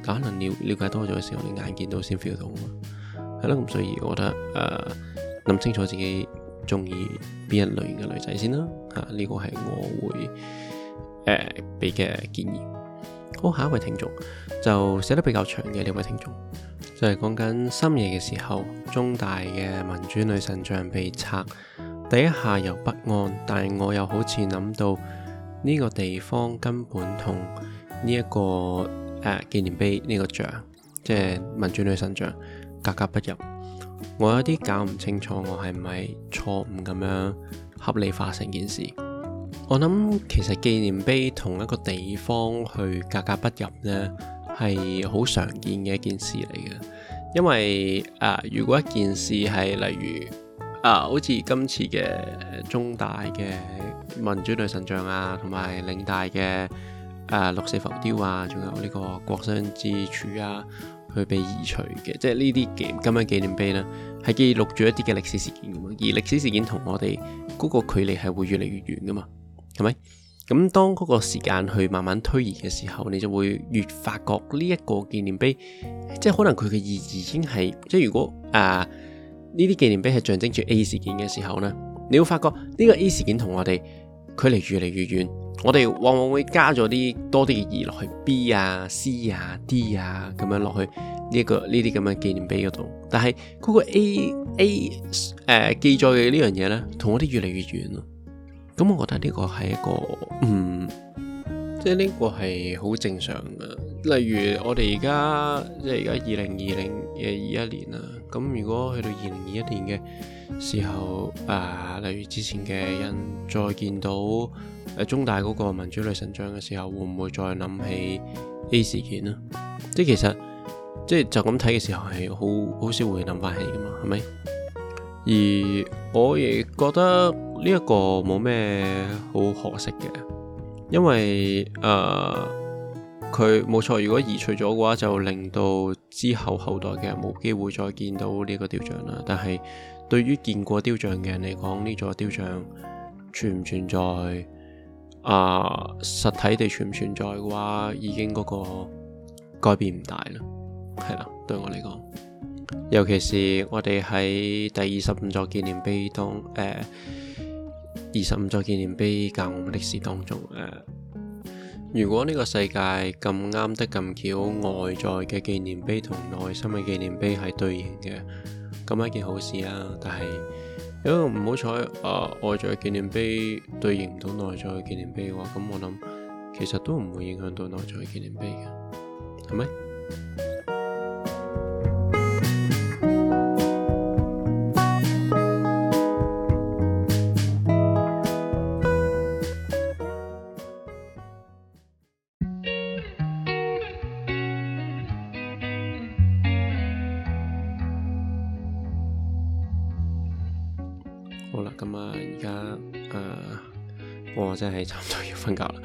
但可能了了解多咗嘅時候，你眼見到先 feel 到啊，係咯，咁所以我覺得誒，諗、呃、清楚自己中意邊一類型嘅女仔先啦，吓、這、呢個係我會誒俾嘅建議。好、哦，下一位聽眾就寫得比較長嘅呢位聽眾。就係講緊深夜嘅時候，中大嘅民主女神像被拆，第一下又不安，但係我又好似諗到呢個地方根本同呢、這、一個誒、呃、紀念碑呢個像，即係民主女神像，格格不入。我有啲搞唔清楚，我係唔係錯誤咁樣合理化成件事？我諗其實紀念碑同一個地方去格格不入呢，係好常見嘅一件事嚟嘅，因為誒、呃，如果一件事係例如啊，好、呃、似今次嘅中大嘅民主女神像啊，同埋嶺大嘅誒六四浮雕啊，仲有呢個國殤之柱啊，去被移除嘅，即係呢啲記，今日紀念碑咧係記錄住一啲嘅歷史事件噶嘛，而歷史事件同我哋嗰個距離係會越嚟越遠噶嘛，係咪？咁當嗰個時間去慢慢推移嘅時候，你就會越發覺呢一個紀念碑，即係可能佢嘅意義已經係，即係如果啊呢啲紀念碑係象徵住 A 事件嘅時候呢，你會發覺呢個 A 事件同我哋距離越嚟越遠，我哋往往會加咗啲多啲嘅意義落去 B 啊、C 啊、D 啊咁樣落去呢一、這個呢啲咁嘅紀念碑嗰度，但係嗰個 A A 誒、呃、記載嘅呢樣嘢呢，同我哋越嚟越遠咯。咁我覺得呢個係一個嗯，即係呢個係好正常嘅。例如我哋而家即係而家二零二零誒二一年啦。咁如果去到二零二一年嘅時候，啊，例如之前嘅人再見到誒中大嗰個民主女神像嘅時候，會唔會再諗起 A 事件咧？即係其實即係就咁睇嘅時候係好好少會諗翻起㗎嘛，係咪？而我亦覺得呢一個冇咩好可惜嘅，因為誒佢冇錯，如果移除咗嘅話，就令到之後後代嘅人冇機會再見到呢個雕像啦。但係對於見過雕像嘅人嚟講，呢座雕像存唔存在啊、呃、實體地存唔存在嘅話，已經嗰個改變唔大啦，係啦，對我嚟講。尤其是我哋喺第二十五座紀念碑當，誒、呃，二十五座紀念碑教我們歷史當中，誒、呃，如果呢個世界咁啱得咁巧，外在嘅紀念碑同內心嘅紀念碑係對應嘅，咁係一件好事啊！但係如果唔好彩，誒、呃，外在嘅紀念碑對應唔到內在嘅紀念碑嘅話，咁我諗，其實都唔會影響到內在嘅紀念碑嘅，係咪？真係差唔多要瞓覺啦，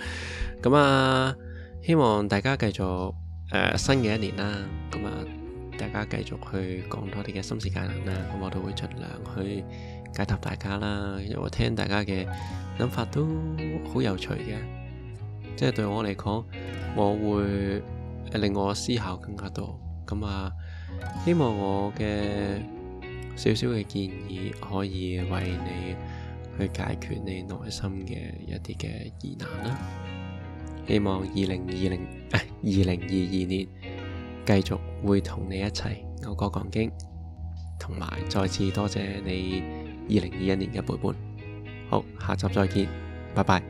咁啊，希望大家繼續誒、呃、新嘅一年啦，咁啊，大家繼續去講多啲嘅心事解難啦，咁我都會盡量去解答大家啦，因為我聽大家嘅諗法都好有趣嘅，即係對我嚟講，我會令我思考更加多，咁啊，希望我嘅少少嘅建議可以為你。去解決你內心嘅一啲嘅疑難啦！希望二零二零誒二零二二年繼續會同你一齊，牛哥講經，同埋再次多謝你二零二一年嘅陪伴。好，下集再見，拜拜。